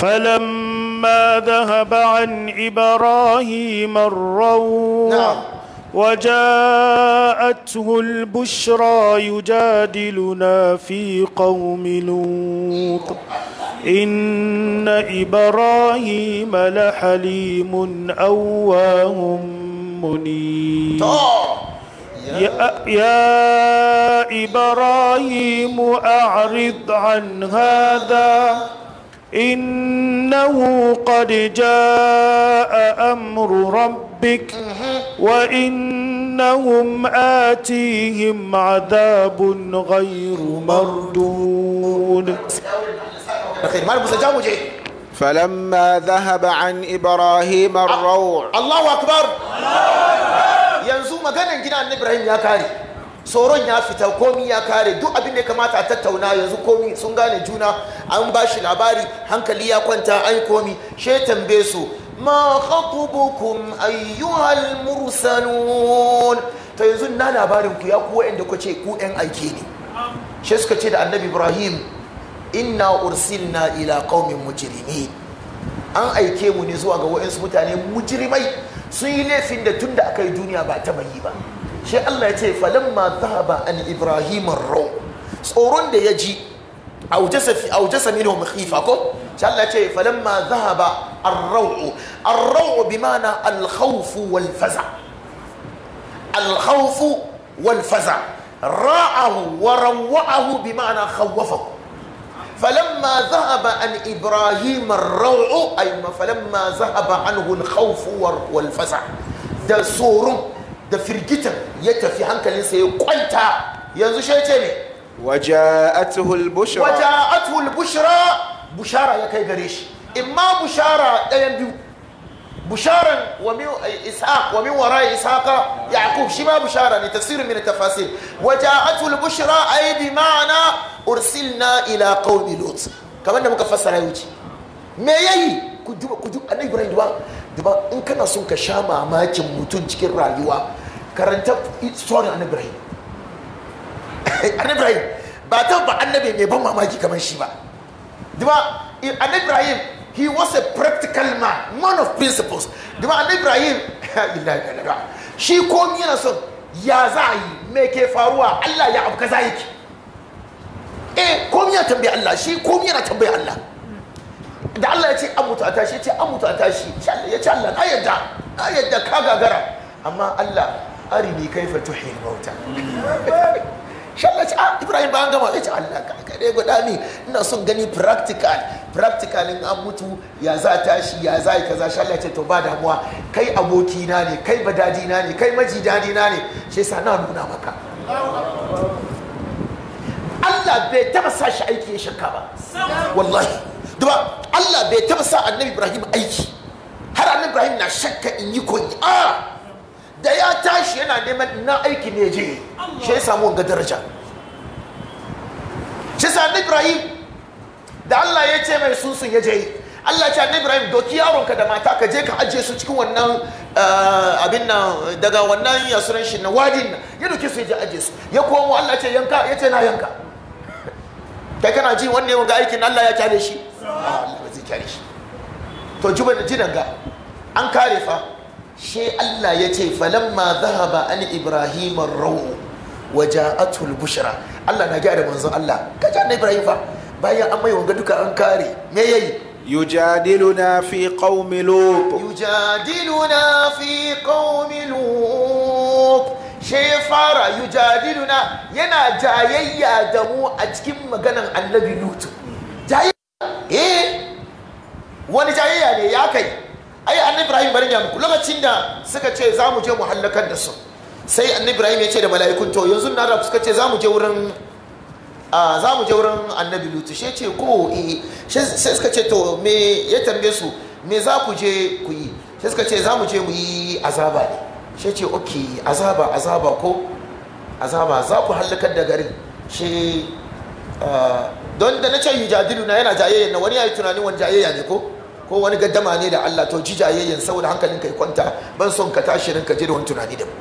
فلما ذهب عن إبراهيم الروع نعم وجاءته البشرى يجادلنا في قوم لوط إن إبراهيم لحليم أواه منيب يا, يا إبراهيم أعرض عن هذا إنه قد جاء أمر ربك وإنهم آتيهم عذاب غير مردود فلما ذهب عن إبراهيم الروع الله أكبر الله أكبر ينزو مكان جنان إبراهيم يا كاري tsoron ya fita komi ya kare duk abin da ya kamata a tattauna yanzu komi sun gane juna an ba shi labari hankali ya kwanta an komi ya tambaye su ma khatubukum ayyuhal mursalun to yanzu na labarin ku ya ku inda ku ce ku ɗan aiki ne shi suka ce da annabi ibrahim inna ursilna ila qaumin mujrimin an aike mu ne zuwa ga wa'ansu mutane mujirimai sun yi laifin da tunda da aka yi duniya ba ta bayi ba shi Allah ya ce falamma zahaba an ibrahim ar-rum tsoron da ya ji aujasa fi aujasa minhum khifa ko shi Allah ya ce falamma zahaba ar-raw ar-raw bi ma'ana al-khawf wal faza al-khawf wal faza ra'ahu wa rawwa'ahu bi ma'ana khawwafahu فلما ذهب عن ابراهيم الروع اي فلما ذهب عنه الخوف والفزع ده سورم da firgitar ya tafi hankalinsa ya kwanta yanzu shi ce ne waja'atuhul bushra waja'atuhul bushra bushara ya kai gare shi imma bushara ɗayan biyu busharan wa min eh, ishaq wa min wara ishaqa yaqub shi ma bushara ne tafsir min tafasir waja'atul bushra ay bi ma'ana ursilna ila qaumi lut kamar da muka fassara yau ce me yayi ku duba ku duba annabi ibrahim duba duba in kana son ka sha mamakin mutum cikin rayuwa karanta story an ibrahim an ibrahim ba ta ba annabi mai ban mamaki kamar shi ba duba an ibrahim he was a practical man man of principles duba an ibrahim shi komi yana son ya za a yi me ke faruwa allah ya abu kaza yake eh komi ya tambaye allah shi komi yana tambaye allah da Allah ya ce an mutu a tashi ya ce an mutu a tashi ya ce Allah na yadda na yadda ka gagara amma Allah kai kaifa tuhil mauta shalla ce ah ibrahim ba an gama ya ce allah ka kare guda ne ina son gani practical practical in an mutu ya za tashi ya za yi kaza shalla ce to ba damuwa kai abokina ne kai na ne kai na ne shi yasa na nuna maka allah bai taba sa shi aiki ya shakka ba wallahi duba Allah bai taba sa annabi Ibrahim aiki har annabi Ibrahim na shakka in yi koyi a da ya tashi yana neman na aiki ne je shi ya samu wanga daraja shi sa annabi Ibrahim da Allah ya ce mai sunsun ya je Allah ce annabi Ibrahim doki yaronka da mata ka je ka ajiye su cikin wannan eh, abin nan daga wannan yasuran shi na wadin nan ya doki su ya je ajiye su ya komo Allah ce yanka ya ce na yanka kai kana ji wanne wanga aikin Allah ya kyale shi to jiban an kare fa she Allah ya ce falamma zahaba an ibrahim ar-rawu wa ja'atul Allah na gaya da manzon Allah ka ja na ibrahim fa bayan an mai wanga duka an kare me yayi yujadiluna fi qaumi lut na fi qaumi lut she fara yujadiluna yana jayayya da mu a cikin maganar annabi lut eh wani jayayya ne ya kai ai annabi ibrahim bari mu lokacin da suka ce za mu je mu hallakar da su sai annabi ibrahim ya ce da mala'ikun to yanzu na da suka ce za mu je wurin a za mu je wurin annabi lutu shi ce ko eh sai suka ce to me ya tambaye su me za ku je ku yi sai suka ce za mu je mu yi azaba ne shi ce ok azaba azaba ko azaba za ku hallakar da garin shi don da na ce yujadilu na yana jayayyan nan wani ya yi tunanin wani jayayya ne ko ko wani gaddama ne da Allah to ji jayayyan saboda hankalin kai kwanta ban son ka tashi ka je da wani tunani da mu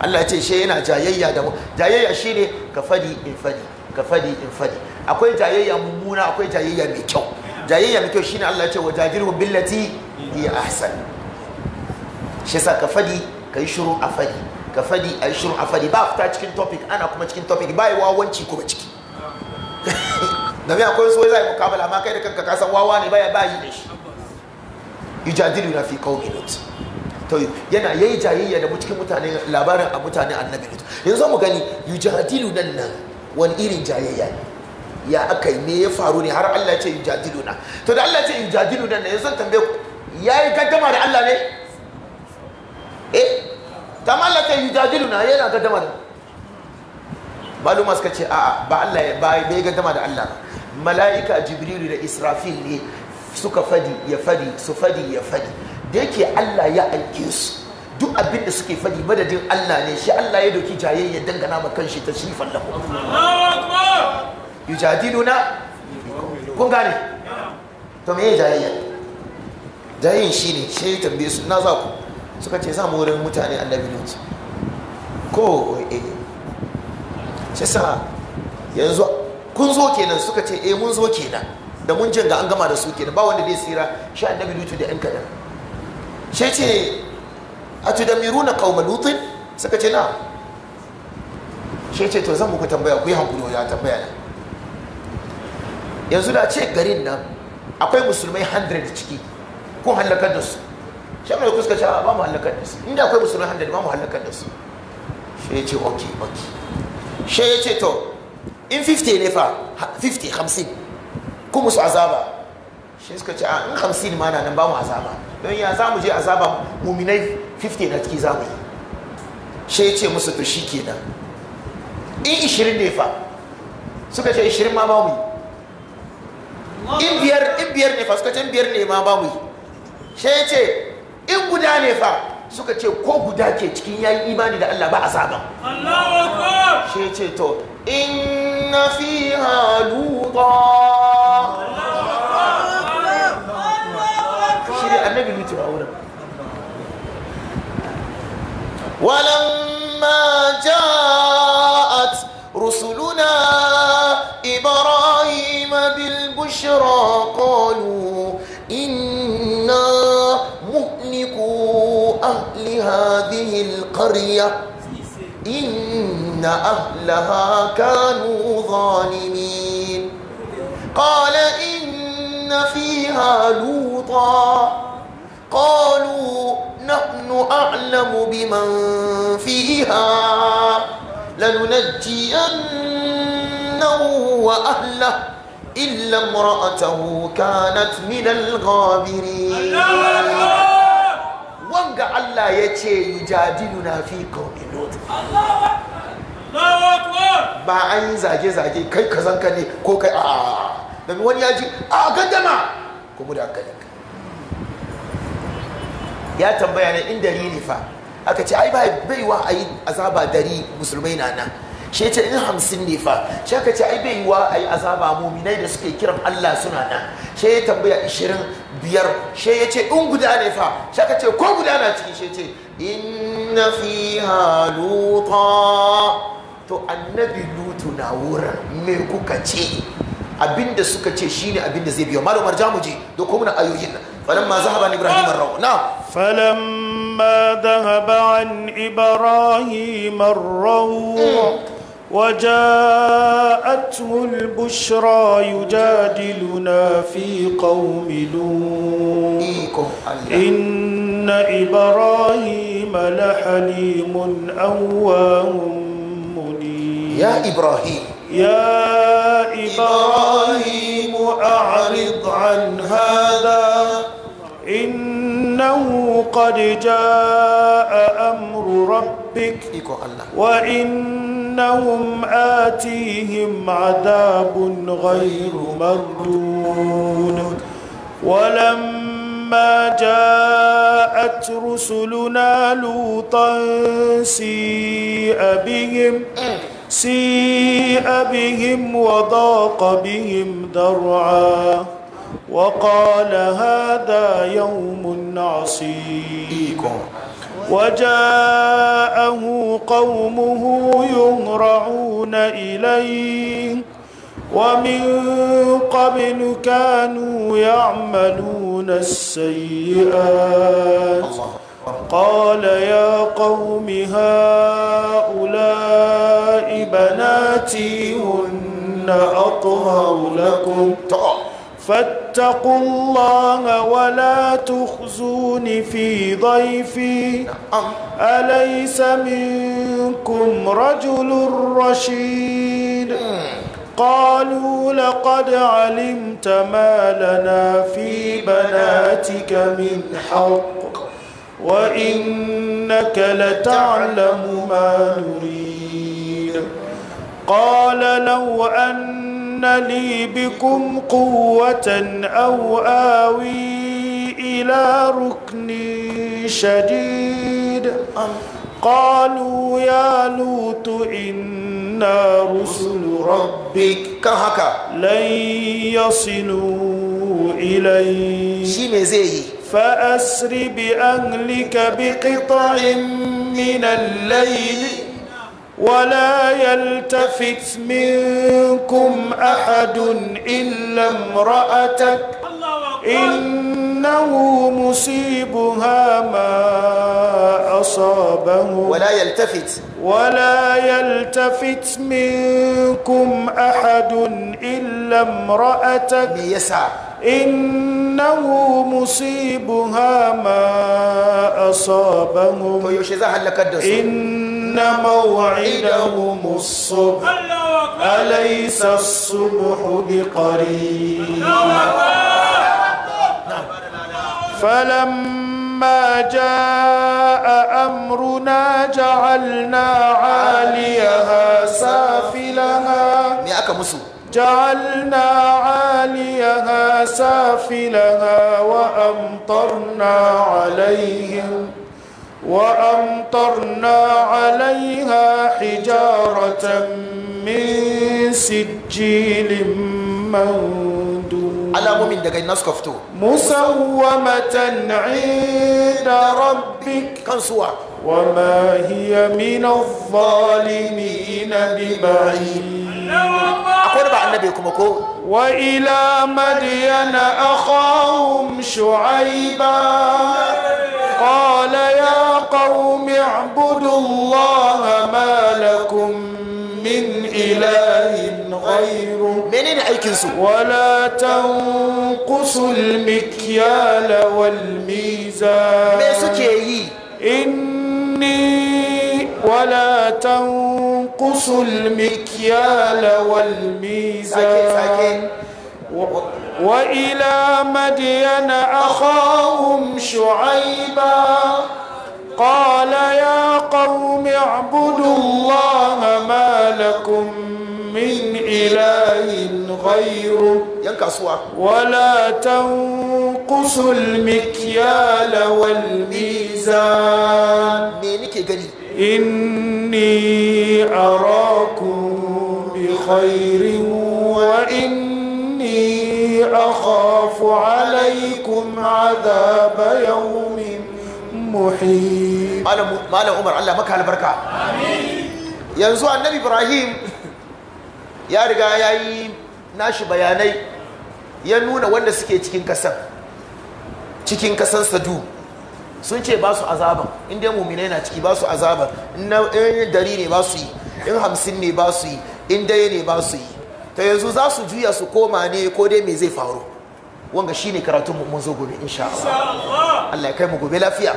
Allah ya ce shi yana jayayya da mu jayayya shine ka fadi in fadi ka fadi in fadi akwai jayayya mummuna akwai jayayya mai kyau jayayya mai kyau shine Allah ya ce wa jadilu billati hi ahsan shi sa ka fadi kai shiru a fadi ka fadi ai shiru a fadi ba fita cikin topic ana kuma cikin topic ba yi wawanci kuma ciki domin akwai a yi mukabala amma kai da kanka kasa san wawa ne baya bayi da shi jadiru na fi qaumi lut to yana yayi jayayya da cikin mutane labarin a mutane annabi lut yanzu mu gani yi jadiru nan nan wani irin jayayya ne ya aka yi ne ya faru ne har Allah ya ce jadiru na to da Allah ya ce jadiru nan nan yanzu tambaye ku yi gaddama da Allah ne eh kama Allah ta yujadilu na yana gaddama da maluma suka ce a'a ba Allah ya bai gaddama da Allah ba mala'ika jibrilu da israfil ne suka fadi ya fadi su fadi ya fadi da yake allah ya aike su duk abin da suke fadi madadin allah ne shi allah ya doki jayayya dangana ma kanshi ta shifan lahu yujadiluna kun gane to me jayayya jayayyin shine shi ya tambaye su na za ku suka ce za mu wurin mutane annabi lut ko eh shi sa yanzu kun zo kenan suka ce eh mun zo kenan da mun jin ga an gama da su kenan ba wanda zai tsira shi annabi lutu da yan kadan shi ce a tu na qauma lutin suka ce na shi ce to zan muku tambaya ku yi hankuri wajen tambaya na yanzu da ce garin nan akwai musulmai 100 ciki ko halakar da su shi mai kuska ce ba mu halakar da su inda akwai musulmai 100 ba mu halakar da su shi ce ok ok shi ce to in 50 ne fa 50 50 kuma su azaba shi suka ce in 50 ma na nan ba mu azaba don ya za mu je azaba muminai 50 na ciki za mu yi shi ya ce musu to shi ke nan in 20 ne fa suka ce 20 ma ba mu yi in biyar in biyar ne fa suka ce in biyar ne ma ba mu yi shi ya ce in guda ne fa suka ce ko guda ke cikin yayi imani da Allah ba azaban Allahu akbar shi ya ce to إن فيها لوطا ولما جاءت رسلنا إبراهيم بالبشرى قالوا إنا مهلكوا أهل هذه القرية إن إن أهلها كانوا ظالمين قال إن فيها لوطا قالوا نحن أعلم بمن فيها لننجينه وأهله إلا امرأته كانت من الغابرين الله wanga الله يجادلنا في yujadiluna لوط الله أكبر ba an yi zage-zage kai kazanka ne ko kai a Da wani ya ji a gaddama Ko da aka ya tambaya na in ne fa aka ce ai bai wa a yi azaba dari musulmai na nan shi ce in hamsin ne fa shi aka ce ai bai wa a yi azaba muminai da suke kiran allah suna nan shi ya tambaya ishirin biyar shi ya ce in guda ne fa shi aka ce ko guda na ciki shi ce inna fi haluta to annabi lutu na wurin me kuka ce abinda suka ce shine abinda zai biyo malumar je, da kuma na ayoyin nan falamma zahaba an ibrahim ar-raw na falamma dhahaba an ibrahim ar-raw وجاءته البشرى يجادلنا في قوم لوط إن إبراهيم لحليم أواه يا إبراهيم يا إبراهيم أعرض عن هذا إنه قد جاء أمر ربك وإنهم آتيهم عذاب غير مردود ولما جاءت رسلنا لوطا سيئ بهم سيء بهم وضاق بهم درعا وقال هذا يوم عصيب وجاءه قومه يهرعون إليه ومن قبل كانوا يعملون السيئات قال يا قوم هؤلاء اللاتيهن أطهر لكم فاتقوا الله ولا تخزون في ضيفي نعم. أليس منكم رجل رشيد قالوا لقد علمت ما لنا في بناتك من حق وإنك لتعلم ما نريد قال لو أن لي بكم قوة أو آوي إلى ركن شديد قالوا يا لوط إنا رسل ربك لن يصلوا إليه فأسر بأهلك بقطع من الليل ولا يلتفت منكم أحد إلا امرأتك إنه مصيبها ما أصابه ولا يلتفت ولا يلتفت منكم أحد إلا امرأتك يسعى innahu musibuha ma asabahum to yaushe za halakar da su inna maw'idahum as-subh a as-subh biqarib فلما جاء أمرنا جعلنا عاليها سافلها جعلنا عاليها سافلها وأمطرنا عليهم وأمطرنا عليها حجارة من سجيل منضود alamomin daga ina suka fito musawwamatan inda rabbik kan suwa wa ma hiya min adh-dhalimin biba'id akwai da ba annabi kuma ko wa ila madyana akhahum shu'aiba قال يا قوم اعبدوا الله ما لكم من إله غيره aikinsu wala tanqusul mikyal wal mizan me suke yi inni wala tanqusul mikyal wal mizan wa ila madyana akhahum shu'ayba kala ya قوم اعبدوا الله ما لكم من إله غيره ولا تنقصوا المكيال والميزان إني أراكم بخير وإني أخاف عليكم عذاب يوم محيط malam umar allah maka albarka yanzu annabi ibrahim ya riga ya yi nashi bayanai ya nuna wanda suke cikin kasan cikin kasan sadu sun ce ba su azaban inda dai mumina na ciki ba su azaban in dari ne ba su yi in hamsin ne ba su yi in daya ne ba su yi ta yanzu za su juya su koma ne ko dai me zai faru wanga shine karatun mu mun zo gobe insha Allah Allah ya kai mu gobe lafiya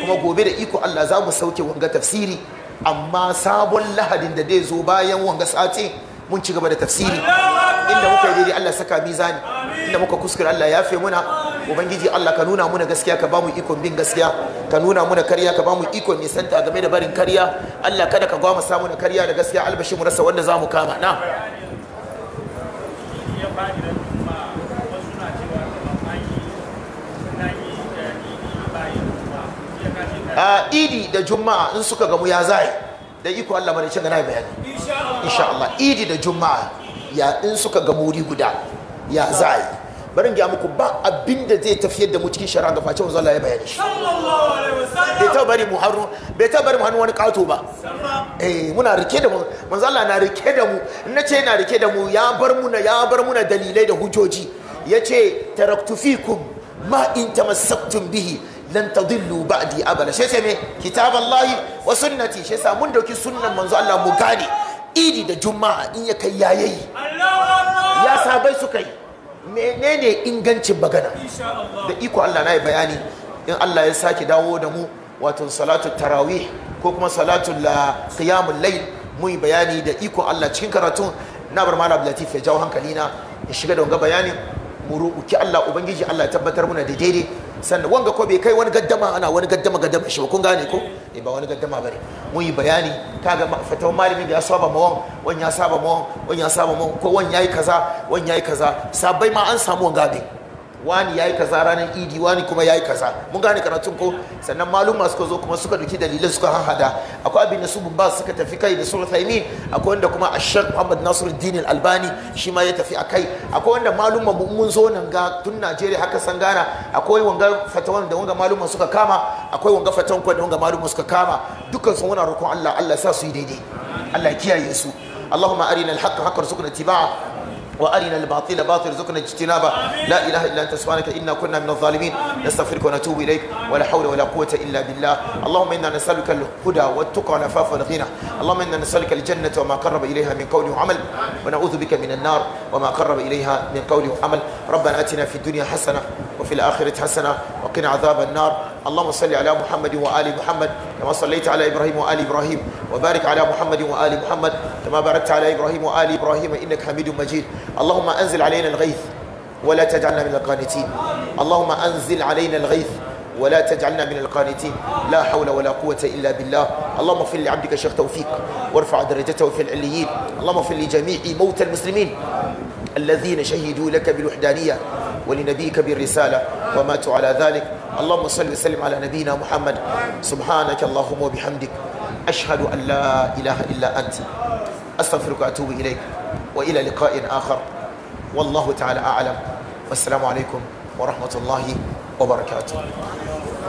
kuma gobe da iko Allah za mu sauke wanga tafsiri amma sabon lahadin da zai zo bayan wanga sati mun ci gaba da tafsiri inda muka yi daidai Allah saka mizani inda muka kuskure Allah ya fe muna ubangiji Allah ka nuna muna gaskiya ka bamu ikon bin gaskiya ka nuna muna karya ka bamu ikon nisanta game da barin karya Allah kada ka gwama samu na karya da gaskiya albashi mu rasa wanda zamu kama na a idi da juma'a in suka gamu ya zai da iko Allah bane shi ga nayi bayani insha Allah idi da juma'a ya in suka ga muri guda ya za'i barin ga muku ba abin da zai tafiyar da mu cikin shari'a ga face Allah ya bayani shi bai ta bari mu hannu bai ta bari mu wani kato ba eh muna rike da mu manzo Allah na rike da mu in nace na rike da mu ya bar mu na ya bar mu na dalilai da hujjoji yace taraktu fikum ma in tamassaktum bihi lan tadillu ba'di abada shi sai me kitaballahi wa sunnati shi sa mun dauki sunnan manzo Allah mu gane idi da juma'a in ya kai yayayi ya bai su kai menene ingancin magana da iko Allah na yi bayani in Allah ya sake dawo da mu wato salatu tarawih ko kuma salatu la qiyamul layl mun yi bayani da iko Allah cikin karatun na bar malam Latif ya jawo hankalina ya shiga da wanga bayanin mu roƙi Allah ubangiji Allah ya tabbatar muna da daidai sannan wanga ko bai kai wani gaddama ana wani gaddama gaddama shi ba kun gane ko eh ba wani gaddama bane mun yi bayani kaga fatawan malamin da ya saba mu wan ya saba mawon wan ya saba mawon ko wan yayi kaza wan yayi kaza sabai ma an samu wanga din wani ya yi kaza ranar idi wani kuma ya yi kaza mun gane karatun ko sannan maluma suka zo kuma suka duki dalilai suka hahada akwai abin da su ba suka tafi kai da sura taimi akwai wanda kuma ashar muhammad nasiruddin albani shi ma ya tafi a kai akwai wanda maluma mun zo nan ga tun najeriya haka san gana akwai wanga fatawan da wanga maluma suka kama akwai wanga fatawan da wanga maluma suka kama dukkan su muna rukun allah allah sa su yi daidai allah kiyaye su اللهم أرنا الحق حقا وارزقنا اتباعه وارنا الباطل باطل ارزقنا اجتنابه لا اله الا انت سبحانك انا كنا من الظالمين نستغفرك ونتوب اليك ولا حول ولا قوه الا بالله اللهم انا نسالك الهدى والتقى والعفاف والغنى اللهم انا نسالك الجنه وما قرب اليها من قول وعمل ونعوذ بك من النار وما قرب اليها من قول وعمل ربنا اتنا في الدنيا حسنه وفي الاخره حسنه وقنا عذاب النار اللهم صل على محمد وآل محمد كما صليت على إبراهيم وآل إبراهيم وبارك على محمد وآل محمد كما باركت على إبراهيم وآل إبراهيم إنك حميد مجيد اللهم أنزل علينا الغيث ولا تجعلنا من القانتين اللهم أنزل علينا الغيث ولا تجعلنا من القانتين لا حول ولا قوة إلا بالله اللهم اغفر لعبدك الشيخ توفيق وارفع درجته في العليين اللهم اغفر لجميع موتى المسلمين الذين شهدوا لك بالوحدانية ولنبيك بالرسالة وماتوا على ذلك اللهم صل وسلم على نبينا محمد سبحانك اللهم وبحمدك أشهد أن لا إله إلا أنت أستغفرك وأتوب إليك وإلى لقاء آخر والله تعالى أعلم والسلام عليكم ورحمة الله وبركاته